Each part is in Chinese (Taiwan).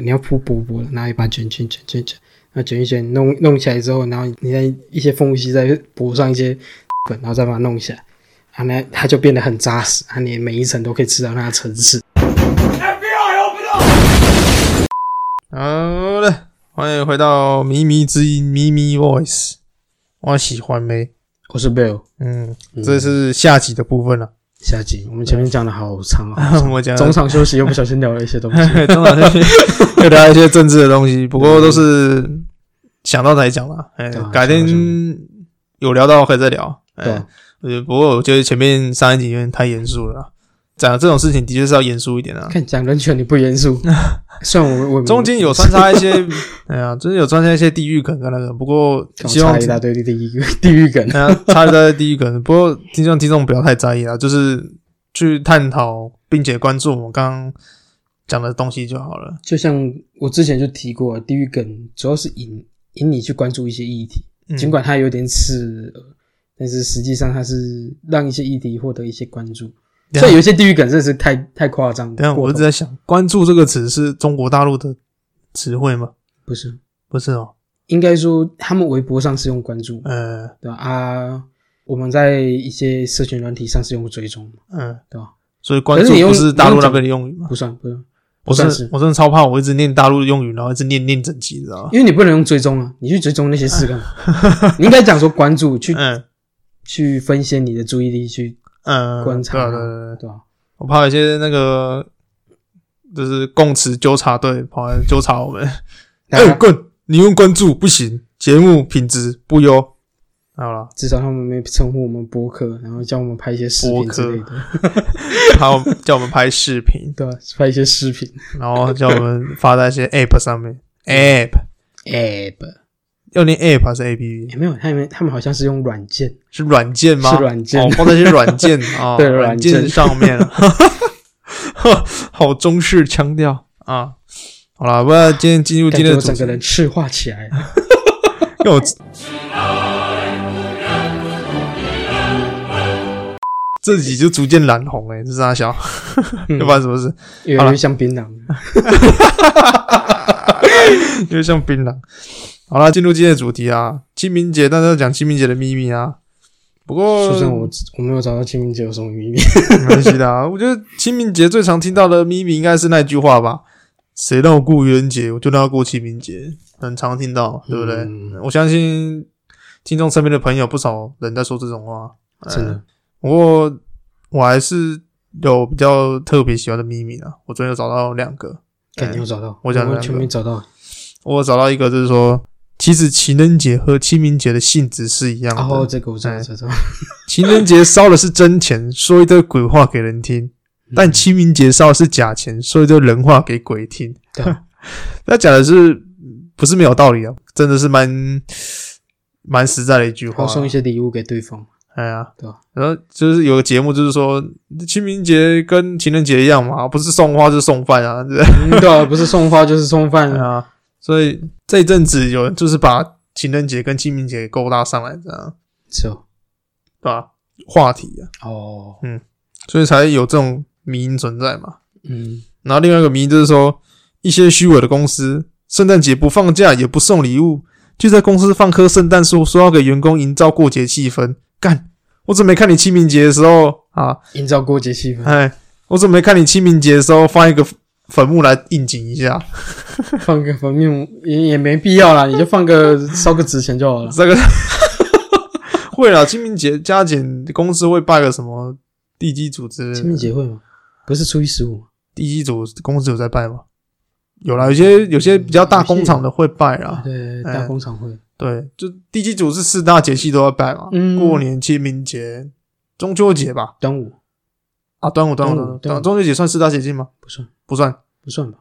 你要鋪薄薄的，然後一把捲捲捲捲捲，那捲一捲弄弄，弄起來之後，然後你在一些縫隙再補上一些粉，然後再把它弄起來，它、啊、那它就變得很紮實，它、啊、你每一層都可以吃到它的層次。FBI, 好了，歡迎回到謎迷之音謎迷 Voice，我喜歡沒？我是貝爾，嗯，嗯，這是下集的部分了、啊。下集我們前面講的好長啊，我講中場休息又不小心聊了一些東西， 中場休息又聊一些政治的東西，不過都是想到才講啦，哎、欸，改天有聊到可以再聊，對，嗯對對欸、不過我覺得前面上一集有點太嚴肅了。講這種事情的確是要嚴肅一點啊！看講人權你不嚴肅， 算我我中間有穿插一些，哎 呀、啊，就是有穿插一些地獄梗跟那個，不過希望一大堆的地獄地獄梗，啊，插一大堆地獄梗。不過，、啊、 不過聽眾聽眾不要太在意啊，就是去探討並且關注我們剛剛講的東西就好了。就像我之前就提過，地獄梗主要是引引你去關注一些議題，盡、嗯、管它有點刺耳，但是實際上它是讓一些議題獲得一些關注。所以有些地獄梗真的是太太誇張。但我一直在想，「關注」這個詞是中國大陸的詞彙嗎？不是，不是哦、喔。應該說，他們微博上是用「關注」嗯。呃，對吧？啊，我們在一些社群軟體上是用「追蹤」。嗯，對吧？所以「關注」不是大陸那邊的、嗯、的用語嗎？不算，不算。不算是。是，我真的超怕，我一直念大陸的用語，然後一直念念整集，知道嗎？因為你不能用追蹤啊！你去追蹤那些事幹嘛？你應該講說「關注」，去嗯。去分析你的注意力去。嗯、呃啊，對對、啊、對對，對啊、我怕有些那個，就是供詞糾察隊跑來糾察我們。哎、啊、滾、欸！你用關注不行，節目品質不優。好啦，至少他們沒稱呼我們播客，然後叫我們拍一些視頻之類的。好， 叫我們拍視頻， 對、啊，拍一些視頻，然後叫我們發在一些 app 上面。 app app 要念 app 還是 app？也、欸、沒有，他們他們好像是用軟件，是軟件嗎？是軟件，哦，放在一些軟件啊、 哦，對，軟件，軟件上面。 好中式腔調啊！好了，我們要今天進入今天的主題。我整個人赤化起來了。 我自己就逐漸染紅哎、欸，這三小、 嗯？要不然什麼事？因為會像檳榔，因為會像檳榔。 好啦，進入今天的主題啊，清明節，但是要講清明節的秘密啊。不過，首先我我沒有找到清明節有什麼秘密， 沒關係的啊。我覺得清明節最常聽到的秘密應該是那句話吧：誰讓我過愚人節，我就讓他過清明節。很常聽到，對不對？嗯、我相信聽眾身邊的朋友不少人在說這種話。呃、是的，不過我還是有比較特別喜歡的秘密的、啊。我昨天有找到兩個，肯定有找到。呃、我想說，我全沒找到。我找到一個，一個就是說。其實情人節和清明節的性質是一樣的。哦，哦，這個不錯，不說情人節燒的是真錢，說一堆鬼話給人聽；嗯、但清明節燒的是假錢，說一堆人話給鬼聽。對，那講的是不是沒有道理啊，哦？真的是蠻蠻實在的一句話。送一些禮物給對方。哎呀，對。然後就是有個節目，就是說清明節跟情人節一樣嘛，不是送花就是送飯啊，對。嗯、對、啊，不是送花就是送飯 啊。所以這一陣子有人就是把情人節跟清明節勾搭上來這樣，是吧？把話題啊，哦，嗯，所以才有這種迷因存在嘛。嗯，然後另外一個迷因就是說，一些虛偽的公司，聖誕節不放假也不送禮物，就在公司放棵聖誕樹，說要給員工營造過節氣氛。幹，我準備看你清明節的時候啊，營造過節氣氛。嗨，我準備看你清明節的時候放一個。墳墓來應景一下，放個墳墓 也也沒必要啦，你就放個燒個紙錢就好了。這個會啦，清明節，加減公司會拜個什麼地基主之類。清明節會嗎？不是初一十五。地基主公司有在拜嗎？有啦，有些有些比較大工廠的會拜啦。嗯嗯、對，對，對，大工廠會、欸。對，就地基主是四大節氣都要拜嘛。嗯，過年、清明節、中秋節吧，端午啊，端午，端午，端午，中秋節算四大節氣嗎？不算。不算不算吧，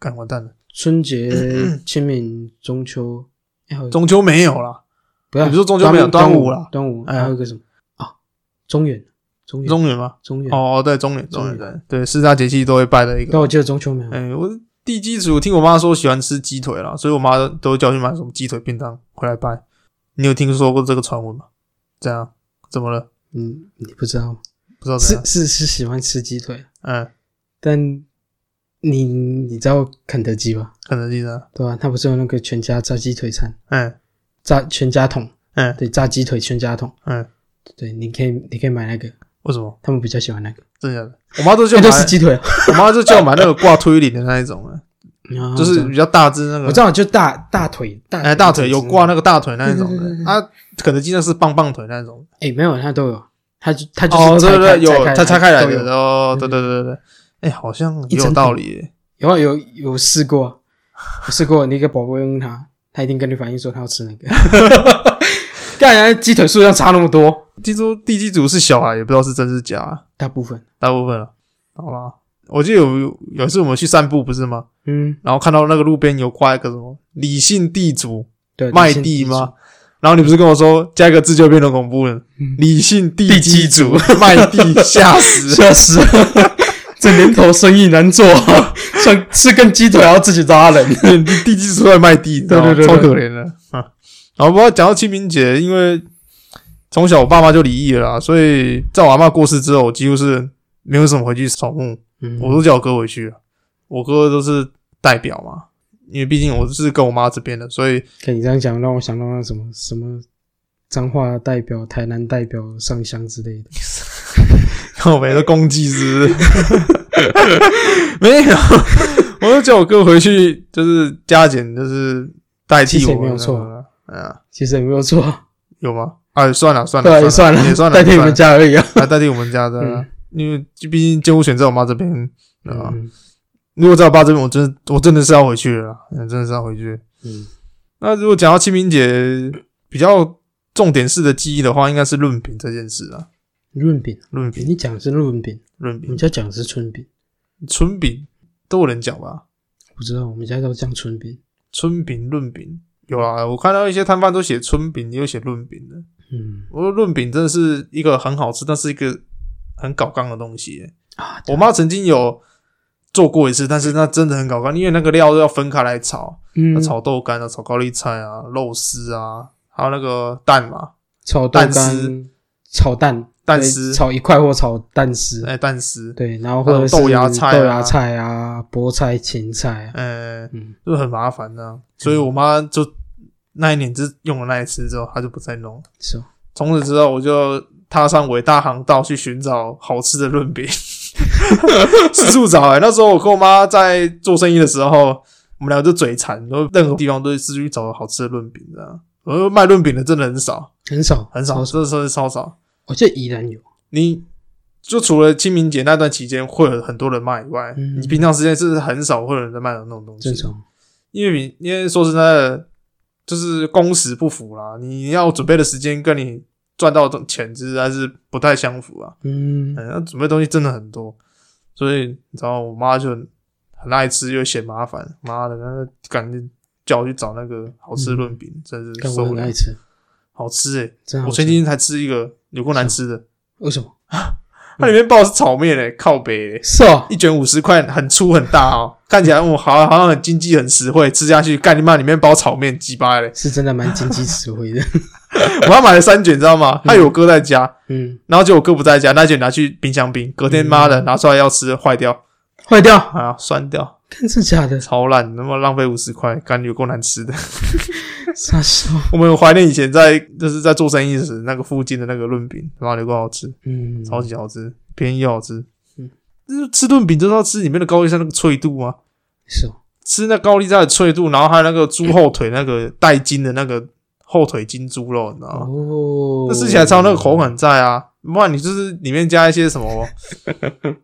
幹，完蛋了。春節、清 明、中秋，中秋沒有了，不要。你不說中秋沒有，端午了。端午，還、啊、有個什麼啊？中元，中元，中元嗎？中元。哦，對，中元，中元對對，四大節氣都會拜的、這、一個。但我記得中秋沒有。哎，我地基主，聽我媽說喜歡吃雞腿了，所以我媽都都叫去買什麼雞腿便當回來拜。你有聽說過這個傳聞嗎？這樣？怎麼了？嗯，你不知道嗎？不知道怎樣？是是是喜歡吃雞腿？嗯、哎，但。你你知道肯德基吧？肯德基的，對啊，他不是有那個全家炸雞腿餐？嗯、欸，炸全家桶，嗯、欸，對，炸雞腿全家桶，嗯、欸，對，你可以你可以買那個，為什麼？他們比較喜歡那個，真的？啊？我媽都叫我吃雞腿，我媽就叫我買那個掛推理的那一種啊， 就是比較大隻那個。我知道，就大大腿大腿，哎、欸，大腿有掛那個大腿那一種的，對對對對，啊，肯德基那是棒棒腿那一種，哎、欸，沒有，他都有，他就他就是拆開，哦、對對對拆開有他拆，拆開來的，哦，對對對對。對對對哎、欸，好像也有道理、欸有。有啊，有有試過，有試過。你給寶寶用它，它一定跟你反映說它要吃那個。當然，雞腿數量差那麼多。聽說地基主是小孩，也不知道是真是假。大部分，大部分了。好了，我記得有有一次我們去散步不是嗎？嗯。然後看到那個路邊有掛一個什麼“李姓地主”賣地嗎地？然後你不是跟我說加一個字就變得恐怖了、嗯？“李姓地基主賣地嚇 死嚇死。” 這 年頭生意難做、啊，是 吃根雞腿要自己拉人， 地基出來賣地， 對對對,對，超可憐的。好， 不過講到清明節，因為從小我爸媽就離異了啦，所以在我阿媽過世之後，我幾乎是沒有什麼回去掃墓、嗯，我都叫我哥回去了，我哥都是代表嘛，因為畢竟我是跟我媽這邊的，所以可以這樣講，讓我想到那什麼什麼彰化代表、台南代表上香之類的。 我沒的攻擊值，沒有， 我就叫我哥回去，就是加減，就是代替我們。沒有錯，哎呀，其實也沒有錯，嗯嗯，有嗎？哎，算了算了算了，對，算了算了也算了，代替我們家而已啊，代替我們家的，啊 啊啊嗯，因為畢竟監護權在我媽這邊啊，嗯。如果在我爸這邊，我真的我真的是要回去了啦，真的是要回去。嗯，嗯，那如果講到清明節比較重點式的記憶的話，應該是論評這件事啊。潤餅，潤餅，你講的是潤餅，潤餅。我們家講的是春餅，春餅都有人講吧？不知道，我們家都講春餅。春餅、潤餅有啊，我看到一些攤販都寫春餅，也有寫潤餅的。嗯，我說潤餅真的是一個很好吃，但是一個很搞缸的東西。啊，真的。我媽曾經有做過一次，但是那真的很搞缸，因為那個料都要分開來炒，嗯，炒豆干啊，炒高麗菜啊，肉絲啊，還有那個蛋嘛，炒蛋絲，炒蛋。蛋絲炒一塊或炒蛋絲，哎、欸，蛋絲對，然後或者豆芽菜、啊、豆芽菜啊，菠菜、芹菜、啊欸，嗯就很麻煩呢、啊。所以我媽就那一年就用了那一次之後，她就不再弄了。是、嗯，從此之後，我就踏上偉大航道去尋找好吃的潤餅， 四處找、欸。哎，那時候我跟我媽在做生意的時候，我們倆就嘴饞，然後任何地方都去去找好吃的潤餅、啊，這樣。我說賣潤餅的真的很少，很少，很少，真的是超少。我、哦、這依然有，你就除了清明節那段期間會有很多人賣以外，嗯、你平常時間是很少會有人在賣的那種東西。因為你因為說實在的，就是工時不符啦。你要準備的時間跟你賺到的種錢、就是，之還是不太相符啊。嗯，那、嗯、準備的東西真的很多，所以你知道，我媽就很很愛吃，又嫌麻煩。媽的，那個趕緊叫我去找那個好吃潤餅，真、嗯、是我很愛吃。好吃哎、欸！我最近才吃一個，有夠難吃的。為什麼？ 它裡面包是炒麵誒、欸嗯、靠北、欸、是哦，一卷五十塊，很粗很大啊、喔，看起來我好好像很經濟很實惠。吃下去，幹你媽！裡面包炒麵，雞巴嘞、欸，是真的蠻經濟實惠的。 我還買了三卷，你知道嗎？還有我哥在家，嗯，然後就我哥不在家，那卷拿去冰箱冰，隔天媽的、嗯、拿出來要吃，壞掉，壞掉啊，酸掉。真是假的，超爛，那麼浪費五十塊，感覺有夠難吃的。 嚇死我了，我們懷念以前在就是在做生意時，那個附近的那個潤餅，哪裡有夠好吃？嗯,嗯,嗯，超級好吃，便宜又好吃。嗯，就是吃潤餅就是要吃裡面的高麗菜那個脆度嗎？是，吃那高麗菜的脆度，然後還有那個豬後腿、嗯、那個帶筋的那個。後腿金豬肉，你知道嗎？那，oh, 吃起來超那個口感在啊。Oh. 不然你就是裡面加一些什麼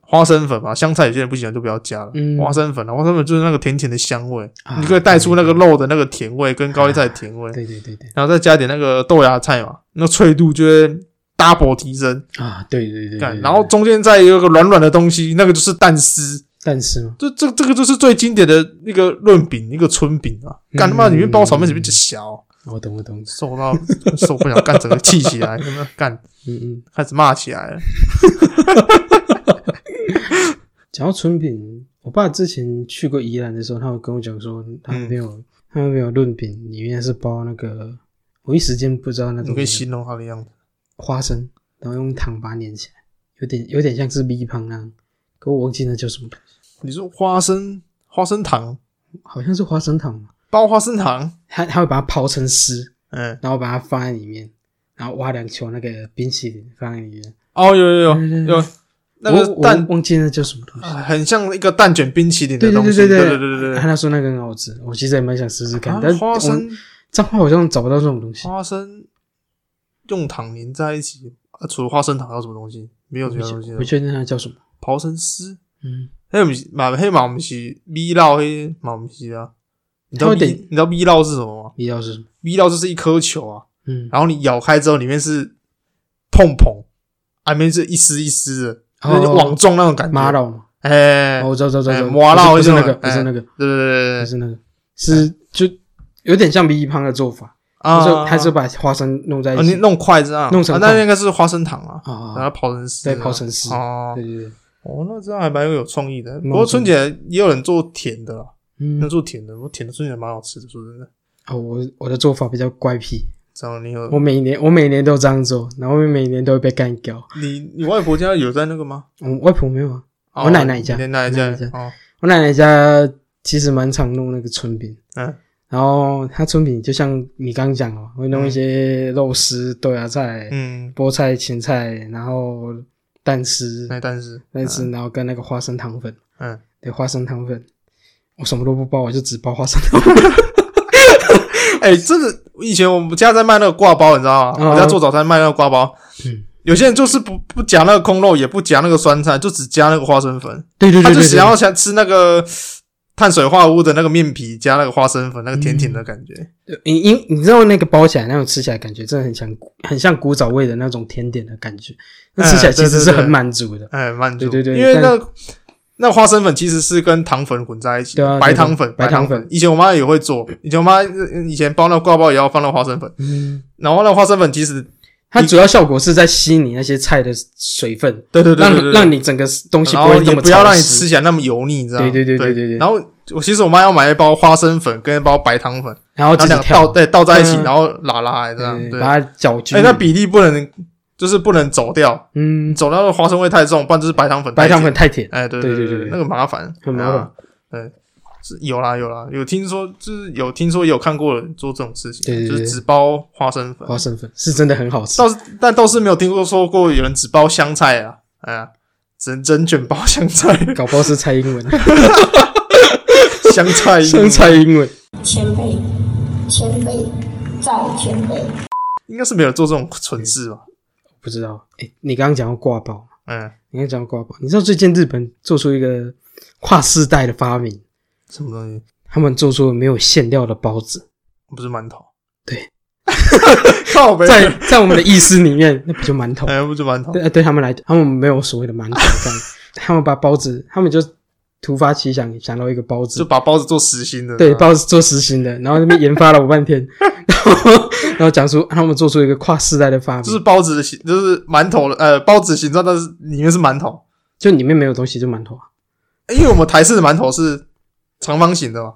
花生粉嘛， 香菜有些人不喜歡就不要加了。嗯，花生粉，啊，花生粉就是那個甜甜的香味，啊，你可以帶出那個肉的那個甜味跟高麗菜的甜味，啊對對對對。然後再加點那個豆芽菜嘛，那脆度就會大 u 提升啊！對對對，對，對。然後中間再有一個軟軟的東西，那個就是蛋絲。但是，這這這個就是最經典的那個潤餅，一個春餅啊！幹他媽，裡面包炒麵怎麼就小？我懂，我懂，受到受不了，幹整個氣起來，幹， 嗯嗯，開始罵起來了。講到春餅，我爸之前去過宜蘭的時候，他有跟我講說他，嗯，他沒有，他沒有潤餅，裡面是包那個，我一時間不知道那種。可以形容他的樣子，花生，然後用糖把它粘起來，有點有點像是米糠那樣。可我忘記那叫什麼東西？你說花生花生糖，好像是花生糖嗎？包花生糖，還還會把它刨成絲，嗯，然後把它放在裡面，然後挖兩球那個冰淇淋放在裡面。哦，有有有、嗯、有，有那個蛋忘記那叫什麼東西、呃？很像一個蛋卷冰淇淋的東西。對對對對對對對他說、啊、那，那個很好吃，我其實也蠻想試試看，啊、但是花生，這好像找不到這種東西。花生用糖粘在一起、啊，除了花生糖還有什麼東西？沒有其他，東西我不。我不確定那叫什麼。啊刨成絲，嗯，黑馬西，買黑馬米西，米烙黑馬米西啊！你知道點？你知道米烙是什麼嗎？米烙是什麼？米老就是一顆球啊，嗯，然後你咬開之後，裡面是蓬蓬，裡、啊、面是一絲一絲的，那、哦、就網狀那種感覺。馬烙，哎、欸哦，我知道，走、欸、走、哦欸欸，馬烙不是那個，不是那個，對對對，不是那個，欸、對對對對對是、那個欸、是就有點像米一的做法，就、啊、是、啊、還是把花生弄在一起，啊、你弄筷子啊，弄成、啊、那應該是花生糖啊，啊然後刨成絲、啊，再刨成絲，哦，對對對。哦，那這樣還蠻有創意的。不過春節也有人做甜的啦，嗯，做甜的，我甜的春節蠻好吃的。說真的，哦，我我的做法比較怪癖，這樣你有。我每年我每年都這樣做，然後每年都會被幹掉。你你外婆家有在那個嗎？ 我外婆沒有啊，我奶奶家，哦、奶奶家，奶奶家、哦，我奶奶家其實蠻常弄那個春餅，嗯，然後他春餅就像你剛講哦，會弄一些肉絲、豆芽菜、嗯，菠菜、芹菜，然後。單吃，那單吃，單吃、嗯，然後跟那個花生糖粉，嗯，對、欸，花生糖粉，我什麼都不包，我就只包花生糖粉。哎、 欸，這個以前我們家在賣那個刈包，你知道嗎、嗯啊？我家做早餐賣那個刈包，有些人就是不不夾那個空肉，也不夾那個酸菜，就只夾那個花生粉。對對對，對，對，對，他就想要想吃那個。碳水化合物的那個麵皮加那個花生粉，那個甜甜的感覺。對、嗯，你因你知道那個包起來，那種吃起來感覺真的很像很像古早味的那種甜點的感覺。那吃起來其實是很滿足的，哎、嗯，滿足。對對對，因為那那花生粉其實是跟糖粉混在一起的，的、啊。白糖粉，白糖粉。以前我媽也會做，以前我媽以前包那刈包也要放那花生粉，嗯、然後那花生粉其實。它主要效果是在吸你那些菜的水分，對對對，對，對，讓讓你整個東西不要、嗯、也不要讓你吃起來那麼油膩，你知道嗎？對對對對對對。然後我其實我媽要買一包花生粉跟一包白糖粉，然後樣倒、嗯、對倒在一起，嗯、然後拉拉這樣，對對對對對對，把它攪均勻。哎、欸，那比例不能就是不能走掉，嗯，走掉的花生味太重，不然就是白糖粉，白糖粉太甜。哎、欸，對對對對，那個麻煩很麻煩，對。是有啦，有啦，有聽說，就是有聽說，有看過人做這種事情，對，對，對，就是只包花生粉，花生粉是真的很好吃，倒是但倒是沒有聽說說過有人只包香菜啊，哎、嗯、呀，真整，整捲包香菜，搞不好是蔡英文， 香菜，香菜英文，前輩，前輩，再前輩，應該是沒有做這種蠢事吧，欸，不知道，哎、欸，你剛剛講到刈包，嗯、欸，你剛講到刈包，你知道最近日本做出一個跨世代的發明。什麼東西？他們做出了沒有餡料的包子，不是饅頭。對 在，在在我們的意識裡面，那不就饅頭？哎、欸，不就饅頭？對，對他們來，他們沒有所謂的饅頭。這樣子，他們把包子，他們就突發奇想，想到一個包子，就把包子做實心的。對，啊、包子做實心的，然後那邊研發了我半天， 然後然後講出他們做出一個跨世代的發明，就是包子的形，就是饅頭呃，包子形狀，但是裡面是饅頭，就裡面沒有東西，就饅頭啊。因為我們台式的饅頭是。長方形的吧。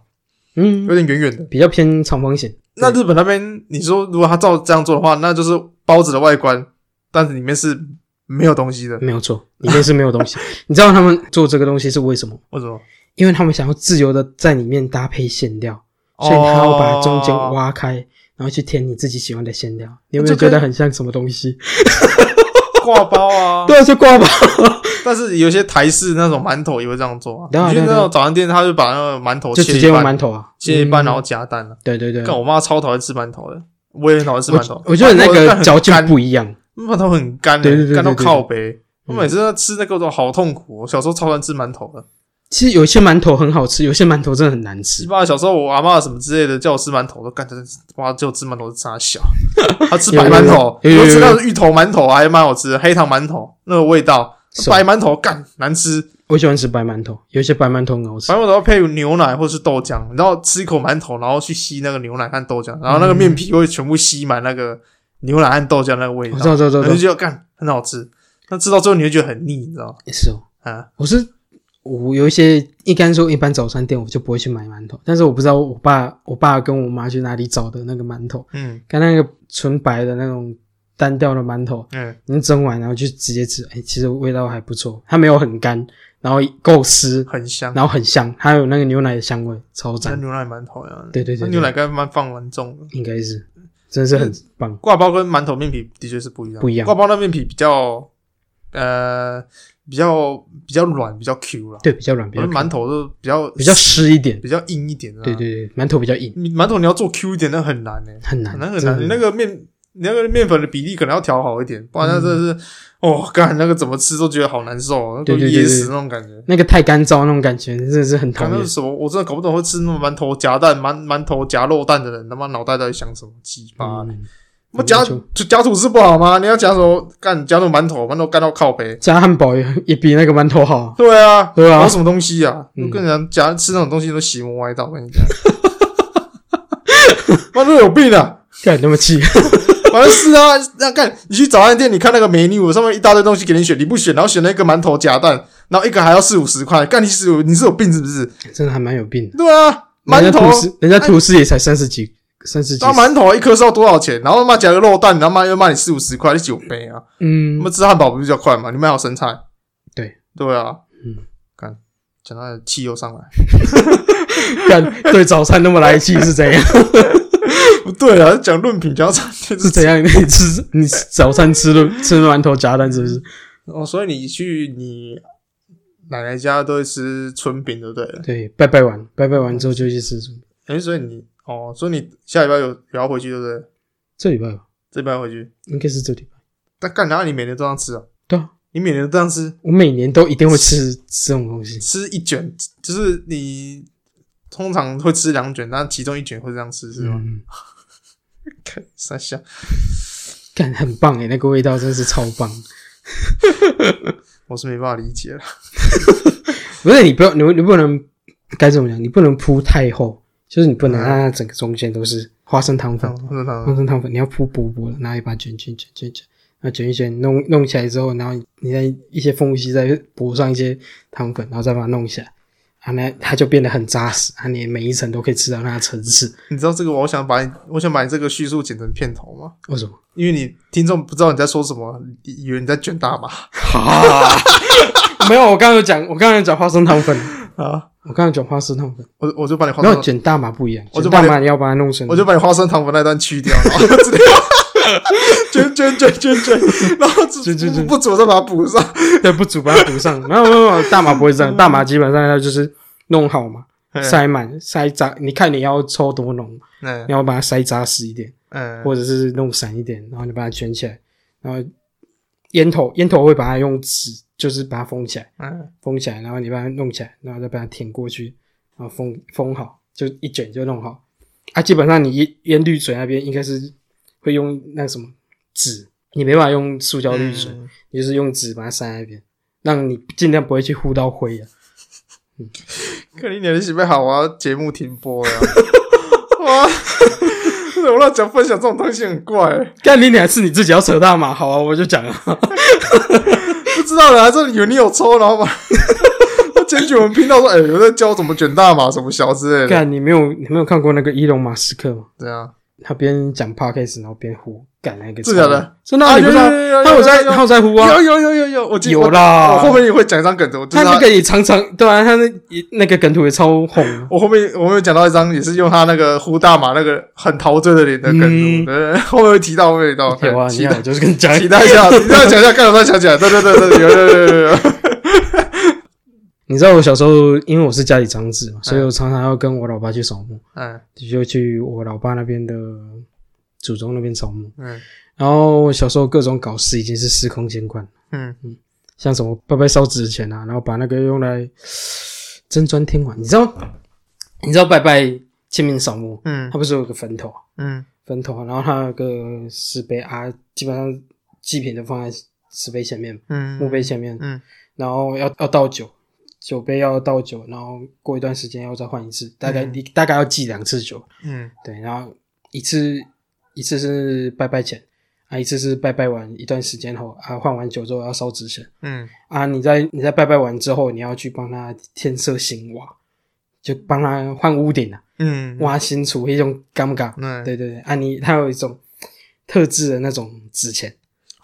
嗯，有點圓圓的，比較偏長方形。那日本那邊，你說如果他照這樣做的話，那就是包子的外觀，但是裡面是沒有東西的。沒有錯，裡面是沒有東西。 你知道他們做這個東西是為什麼？為什麼？因為他們想要自由的在裡面搭配餡料，所以他們要把中間挖開，然後去填你自己喜歡的餡料。你有沒有覺得很像什麼東西？ 刈包啊， 對啊，就刈包。 但是有些台式那種饅頭也會這樣做啊。有 些那種早餐店，他就把那個饅頭切一半就直接用饅頭啊，切一半，然後夾蛋啊、嗯。對對對。但我媽超討厭吃饅頭的，我也很討厭吃饅頭我。我覺得那個嚼勁不一樣，饅、啊、頭很乾，很乾。對，對，對，對，對，對，對，乾到靠背。我每次吃那個都好痛苦、哦。我小時候超喜歡吃饅頭的。其實有一些饅頭很好吃，有些饅頭真的很難吃。爸，小時候我阿嬤什麼之類的叫我吃饅頭，都幹真是哇！叫我吃饅頭，都頭差小， 他吃白饅頭，有吃有、有、有，還芋頭饅頭還蠻好吃的，黑糖饅頭那個味道，哦、白饅頭幹難吃。我喜歡吃白饅頭，有一些白饅頭很好吃。白饅頭要配牛奶或是豆漿，然後吃一口饅頭，然後去吸那個牛奶和豆漿、嗯，然後那個麵皮會全部吸滿那個牛奶和豆漿那個味道，知道知道知道知道，然後你就幹很好吃。但吃到最後你會覺得很膩，你知道嗎？也是哦，啊、嗯，我是。我有一些，應該說一般早餐店，我就不會去買饅頭。但是我不知道我爸、我爸跟我媽去哪裡找的那個饅頭，嗯，跟那個純白的那種單調的饅頭，嗯，你蒸完然後就直接吃，哎、欸，其實味道還不錯，它沒有很乾，然後夠濕，很香，然後很香，還有那個牛奶的香味，超讚，像牛奶饅頭一樣。對，對對對，牛奶應該放蠻重的，應該是，真是很棒。掛、嗯、包跟饅頭麵皮的確是不一樣，不一樣，刈包的麵皮比較，呃。比較比較軟，比較 Q 啦。對，比較軟，比饅頭都比較比較濕一點，比較硬一點。對對對，饅頭比較硬。饅頭你要做 Q 一點，那很難哎、欸，很難很難很難。你那個面，你那個面、那個、粉的比例可能要調好一點，不然真的是、嗯、哦，乾那個怎麼吃都覺得好難受，都噎死那種感覺。對對對那個太乾燥那種感覺，真的是很討厭。什麼？我真的搞不懂會吃那麼饅頭夾蛋、饅饅頭夾肉蛋的人，他媽腦袋在想什麼雞巴？不夾夾夾吐司不好嗎？你要夾什麼幹？夾那種饅頭，饅頭乾到靠北，夾漢堡也也比那個饅頭好。對啊，對啊，夾什麼東西啊？嗯、我跟你講，夾吃那種東西都邪門歪道。我跟你講，饅 頭 有病啊！幹你那麼氣，完事啊？這樣幹，你去早餐店，你看那個美女，我上面一大堆東西給你選，你不選，然後選了一個饅頭夾蛋，然後一個還要四五十塊，幹你四五，你是有病是不是？真的還蠻有病的。對啊，饅頭，人家吐司，人家吐司也才三十幾。大饅頭一顆是要多少錢？然後買夾個肉蛋，然後賣又賣你四五十塊的酒杯啊？嗯，那麼吃漢堡不是比較快嘛？你買好生菜，對對啊。嗯，幹，講到的氣又上來，幹 對早餐那麼來氣是怎樣？ 不對啊，講論品早餐就是怎樣？你吃你早餐吃了，吃饅頭夾蛋是不是、嗯？哦，所以你去你奶奶家都會吃春餅，對不對？對，拜拜完拜拜完之後就去吃春、欸。所以你。哦，所以你下禮拜有要回去，對不對？這禮拜，這禮拜回去，應該是這禮拜。但幹啥？然後你每年都這樣吃啊？對啊，你每年都這樣吃。我每年都一定會吃，吃這種東西，吃一卷，就是你通常會吃兩卷，但其中一卷會這樣吃，是嗎？看、嗯、 三下，幹，很棒誒，那個味道真的是超棒。 我是沒辦法理解了。 不是你不要，你你不能該怎麼講？你不能鋪太厚。就是你不能讓它，嗯啊，整個中間都是花生糖粉。哦，花生糖粉你要鋪薄薄的，拿一把卷卷卷卷卷，那卷一卷弄弄起來之後，然後你在一些縫隙再鋪上一些糖粉，然後再把它弄起來，啊，那它就變得很紮實，啊，你每一層都可以吃到它的層次。你知道這個，我想把你我想把你這個敘述剪成片頭嗎？為什麼？因為你聽眾不知道你在說什麼，以為你在卷大麻。啊， 沒有，我剛剛有講，我剛剛有講花生糖粉 啊。我剛才卷花生糖粉，我我就把你花生糖粉。然後卷大麻不一樣，我就把你大麻，你要把它弄成，我就把你花生糖粉那段去掉。然後卷卷卷卷卷，然後不不不不煮再把它補上。對，不煮把它補上。 然後，大麻不會這樣，大麻基本上要就是弄好嘛，嗯、塞滿塞扎。你看你要抽多濃，嗯、你要把它塞扎實一點，嗯、或者是弄散一點，然後你把它卷起來，然後。煙頭，煙頭會把它用紙，就是把它封起來，嗯，封起來，然後你把它弄起來，然後再把它舔過去，然後封封好，就一卷就弄好。啊，基本上你煙煙濾嘴那邊應該是會用那個什麼紙，你沒辦法用塑膠濾嘴，嗯、你就是用紙把它塞在那邊，讓你盡量不會去呼到灰呀、啊。可、 嗯、你演的不好，我要節目停播了。 我亂講分享這種東西很怪。欸，幹你你還是你自己要扯大麻好啊。我就講了， 不知道的還以為你有抽，然後把，前幾天我們拼到說，哎、欸，有人教我怎麼捲大麻，什麼小之類的。幹，你沒有你沒有看過那個伊隆馬斯克嗎？對啊。他邊講 Podcast，然後邊呼，幹那個真的，真的，你不知道，他有在他有在呼啊，有有有有有，有，有，有，有，有，我有啦，我後面也會講一張梗圖，他那個也常常對啊，他那也那個梗圖也超紅，我後面我會講到一張也是用他那個呼大麻那個很陶醉的臉的梗圖，嗯，後面會提到會提到，後面提到一下，okay, 就是跟你講一下，提到一下，提到講一下，看到他想起來，對對對對，有有有有有。有有有有你知道我小時候，因為我是家裡長子嘛，所以我常常要跟我老爸去掃墓，嗯，就去我老爸那邊的祖宗那邊掃墓，嗯。然後我小時候各種搞事，已經是司空見慣嗯。像什麼拜拜燒紙錢啊，然後把那個用來增，嗯、磚添瓦，你知道，嗯？你知道拜拜清明掃墓，嗯，它不是有個墳頭，啊，嗯，墳頭，啊，然後它有個石碑啊，基本上祭品都放在石碑前面，嗯，墓碑前面，嗯，嗯然後要要倒酒。酒杯要倒酒，然後過一段時間要再換一次，大概你、嗯、大概要祭兩次酒。嗯，對，然後一次一次是拜拜前啊，一次是拜拜完一段時間後啊，換完酒之後要燒紙錢。嗯，啊，你在你在拜拜完之後，你要去幫他增磚添瓦，就幫他換屋頂的、啊。嗯，挖新土一種嘎木嘎，對對對，啊你，你他有一種特制的那種紙錢。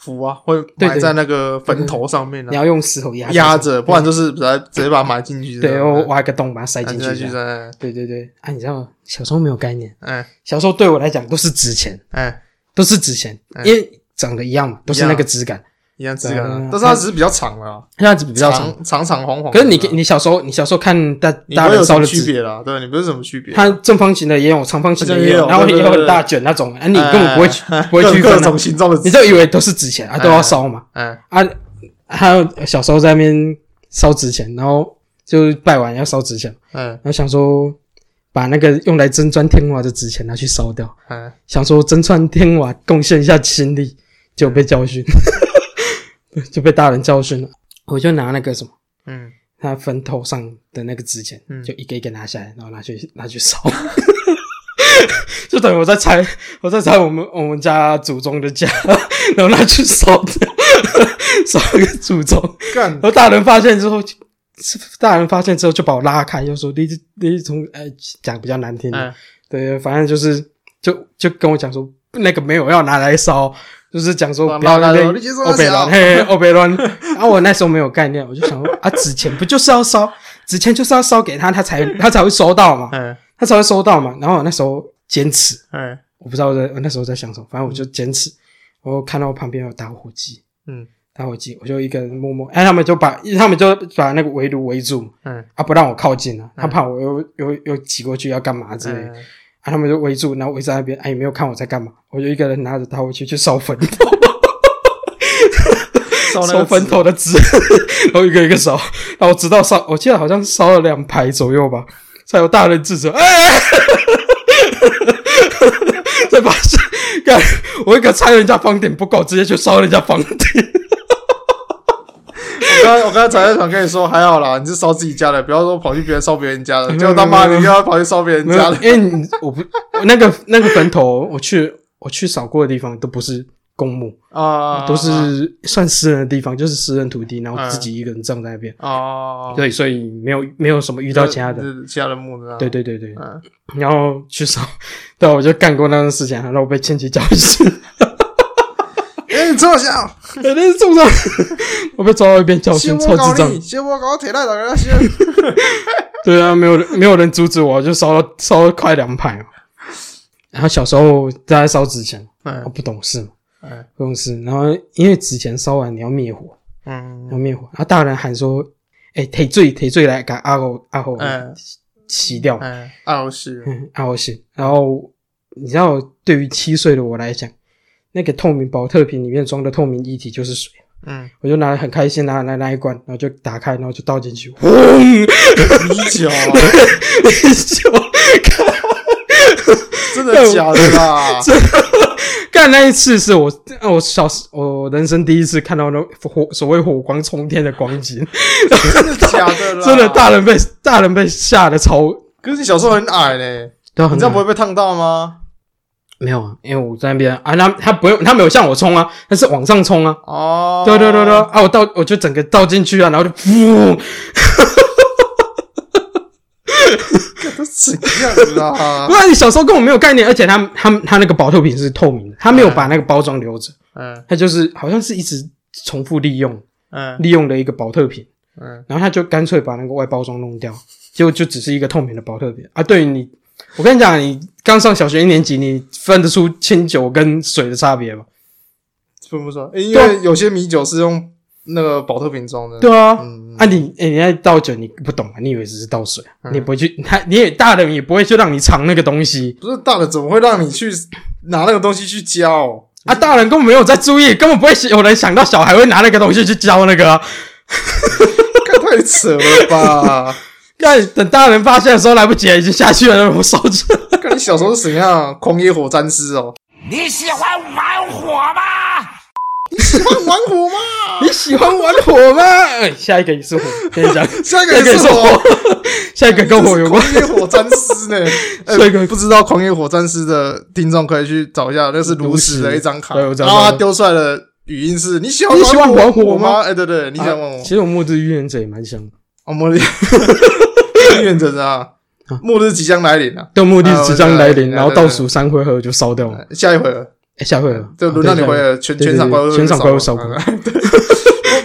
符啊，會埋在那個墳頭上面了、啊嗯。你要用石頭壓着壓着，不然就是把它直接把它埋進去。對，對挖個洞把它塞進去，去。對對對、哎，啊，你知道嗎？小時候沒有概念，嗯、哎，小時候對我來講都是紙錢，嗯、哎，都是紙錢、哎，因為長得一樣嘛，都是那個質感。哎一樣這樣、啊、但是它只是比較長了，現在紙比較長長，長長黃黃。可是你你小時候你小時候看大，大人燒你會有燒的區別啦，對，你不是什麼區別。它正方形的也有，長方形的也有，有然後也有大捲那種，哎，啊、你根本不會去哎哎哎哎不會區分各，各種形狀的，你就以為都是紙錢啊，哎哎哎哎啊，都要燒嘛，嗯啊。他小時候在那邊燒紙錢，然後就拜完要燒紙錢，嗯、哎哎，然後想說把那個用來增磚添瓦的紙錢拿去燒掉，嗯、哎，想說增磚添瓦貢獻一下心力，就被教訓、哎哎。 就被大人教訓了，我就拿那個什麼，嗯，他墳頭上的那個紙錢，嗯，就一個一個拿下來，然後拿去拿去燒， 就等於我在拆我在拆我們我們家祖宗的家，然後拿去燒燒一個祖宗。幹，然後大人發現之後，大人發現之後就把我拉開，就說你你從哎講比較難聽的、欸，對，反正就是就就跟我講說那個沒有要拿來燒。就是講說不要歐北，歐北亂，歐北亂，嘿，歐北亂。然 後、啊、我那時候沒有概念，我就想說，啊，紙錢不就是要燒？紙錢就是要燒給他，他才他才會收到嘛，嗯， 他才會收到嘛。然後我那時候堅持，嗯， 我不知道我在那時候在想什麼，反正我就堅持。我看到我旁邊有打火機，嗯， 打火機，我就一個人默默。哎、啊，他們就把他們就把那個圍爐圍住，嗯， 啊，不讓我靠近了，他怕我又 又又擠過去要幹嘛之類。 啊，他們就圍住，然後圍在那邊，哎、啊，沒有看我在幹嘛。我就一個人拿着刀回去去燒墳， 燒燒墳、啊、頭的紙，然後一個一個燒。然後直到燒，我記得好像燒了兩排左右吧，才有大人制止。再把看， 我一個拆人家房頂不夠，我直接去燒人家房頂。我剛剛才想跟你說，還好啦，你是燒自己家的，不要說跑去別人燒別人家的。結果他媽的，你又要跑去燒別人家的。嗯嗯、因為你我不我那個那個墳頭我，我去我去掃過的地方都不是公墓啊，都是算私人的地方，就是私人土地，然後自己一個人葬在那邊、啊。啊，對，所以沒有沒有什麼遇到其他的其他的墓對對對對，啊、然後去掃，對，我就幹過那種事情，然後我被親戚教訓。呵呵燒、欸、香，那是重燒。 我被抓到一邊教訓，超智障。 對啊，沒有人，沒有人阻止我，就燒了燒了快兩排嘛。然後小時候大家燒紙錢，我、嗯、不懂事嘛、嗯，不懂事。然後因為紙錢燒完你要滅火，嗯，要滅火。然後大人喊說：“誒、欸，鐵罪，鐵罪來，給阿猴阿猴洗掉。嗯”哎，阿猴是、嗯，阿猴是。然後你知道，對於七歲的我來講。那個透明保特瓶裡面裝的透明液體就是水。嗯，我就拿來很開心，拿來拿一罐，然後就打開，然後就倒進去。哇，你笑，你笑， 真的假的啦？真的，幹那一次是我，我小，我人生第一次看到那火，所謂火光沖天的光景， 真的假的啦？ 真的大，大人被大人被嚇得超，可是你小時候很矮嘞，你這樣不會被燙到嗎？沒有啊，因為我在那邊啊，那、啊、他不用，他沒有向我衝啊，他是往上衝啊。哦、oh.，對對對對啊，我倒，我就整個倒進去啊，然後就噗。 都這都什麼樣子啊？不、啊、然你小時候跟我沒有概念，而且他他他那個保特瓶是透明的，他沒有把那個包裝留着，嗯，他就是好像是一直重複利用，嗯，利用的一個保特瓶，嗯，然後他就乾脆把那個外包裝弄掉，結果就只是一個透明的保特瓶啊。對你，我跟你講你。剛上小學一年級，你分得出清酒跟水的差別嗎？分不出來、欸，因為有些米酒是用那個保特瓶裝的。對啊，嗯、啊你，欸、你那倒酒你不懂啊，你以為只是倒水啊？嗯、你不會去，他你也大人也不會去讓你嘗那個東西。不是大人怎麼會讓你去拿那個東西去澆？啊？大人根本沒有在注意，根本不會有人想到小孩會拿那個東西去澆。那個、啊。 太扯了吧！ 要等大人發現的時候來不及了，已經下去了那。那我燒紙，跟你小時候是什麼樣狂、啊、野火占師哦、喔。你喜歡玩火嗎？ 你喜歡玩火嗎？ 你喜歡玩火嗎？哎、欸，下一個也是火，跟你講，下一個也是火，下一個跟火有關？狂野火，火，火占師呢、欸？哎、 欸，不知道狂野火占師的聽眾可以去找一下，那是爐石的一張卡，對我，然後他丟出來的語音是：你喜歡玩火嗎？哎，對對，你喜歡玩火，嗎火嗎、欸對對玩啊。其實我末日預言者也蠻像的，哦，末日。真遠着呢！末日即將來臨了、啊，到末日即將來臨，然後倒數三回合就燒掉了。下一回合，誒、欸，下,欸、下一回合，就輪到你回合，啊、回合全全場怪物燒，全場怪物燒光。比、啊、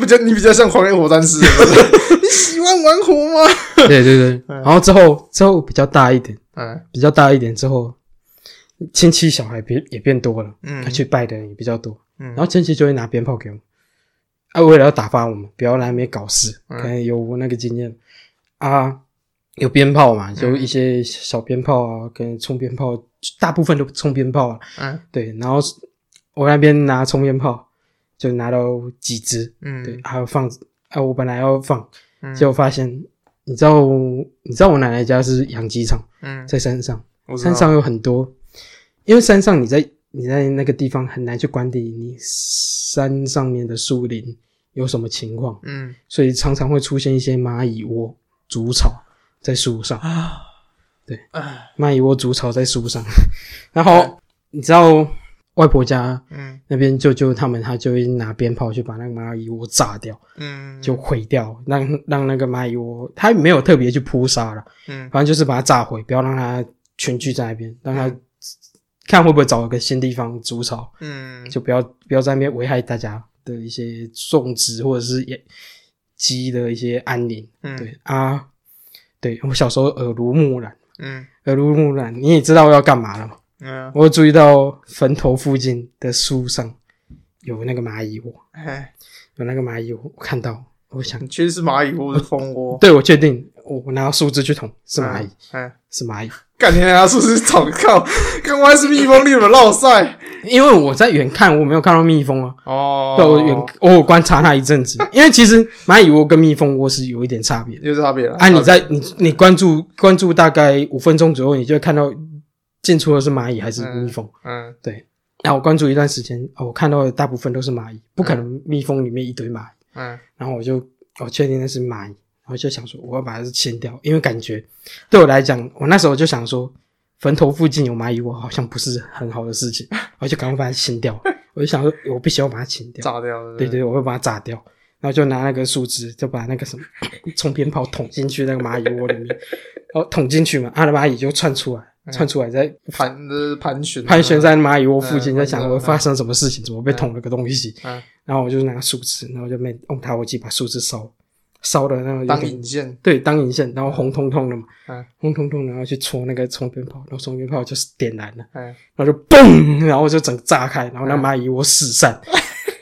較 你比較像狂野火占師， 你喜歡玩火嗎？對對對。然後之後之後比較大一點，哎、欸，比較大一點之後，親戚小孩也變也變多了，嗯，他去拜的人也比較多，嗯，然後親戚就會拿鞭炮給我們、嗯，啊為了要打發我們，不要來沒搞事，嗯，可能有我那個經驗啊。有鞭炮嘛？就一些小鞭炮啊，嗯、跟沖鞭炮，大部分都沖鞭炮啊。嗯，對。然後我那邊拿沖鞭炮，就拿到幾支。嗯，對。還有放？我本來要放、嗯，結果發現，你知道，你知道，我奶奶家是養雞場。嗯，在山上，山上有很多，因為山上你在你在那個地方很難去管理你山上面的樹林有什麼情況。嗯，所以常常會出現一些螞蟻窩、竹草。在樹上啊，對，啊、螞蟻窩築巢在樹上， 然後、嗯、你知道外婆家，嗯，那邊舅舅他們，他就會拿鞭炮去把那個螞蟻窩炸掉，嗯，就毀掉，讓讓那個螞蟻窩他沒有特別去撲殺了，嗯，反正就是把它炸毀，不要讓它群聚在那邊，讓它、嗯、看會不會找一個新地方築巢，嗯，就不要不要在那邊危害大家的一些種植或者是也雞的一些安寧，嗯，對啊。對，我小時候耳濡目染，嗯，耳濡目染，你也知道我要幹嘛了嗎？嗯，我注意到墳頭附近的樹上有那個螞蟻窩，哎，有那個螞蟻窩，我看到，我想，全是螞蟻窩，的 蜂窩窩， 對，我確定。哦、我拿個樹枝去捅，是螞蟻，嗯，嗯，是螞蟻。干天拿樹枝捅，是是，靠，剛剛還是蜜蜂，你有沒有落賽？ 因為我在遠看，我沒有看到蜜蜂啊。哦，對，我遠我有觀察那一陣子、嗯。因為其實螞蟻窩跟蜜蜂窩是有一點差別，有差別的啊，你在你你關注關注大概五分鐘左右，你就會看到進出的是螞蟻還是蜜蜂，嗯？嗯，對。然後我關注一段時間，哦，我看到的大部分都是螞蟻，嗯、不可能蜜蜂裡面一堆螞蟻。嗯，然後我就我確定那是螞蟻。我就想說，我要把它是清掉，因為感覺對我來講，我那時候就想說，墳頭附近有螞蟻窩，好像不是很好的事情。我就趕快把它清掉。 我就想說，我必須要把它清掉，炸掉是不是？對，對對，我會把它炸掉。然後就拿那個樹枝，就把那個什麼，沖鞭炮捅進去那個螞蟻窩裡面，然後捅進去嘛，他的螞蟻就竄出來，竄 出來在盤盤旋，盤旋在螞蟻窩附近，在想我發生什麼事情，怎麼被捅了個東西。啊、然後我就拿樹枝，然後就沒用打火機把樹枝燒。燒的那個當引線，對，當引線，然後紅彤彤的嘛，嗯、紅彤彤，然後去戳那個沖天炮，然後沖天炮就是點燃了，嗯、然後就嘣，然後就整個炸開，然後那螞蟻我四散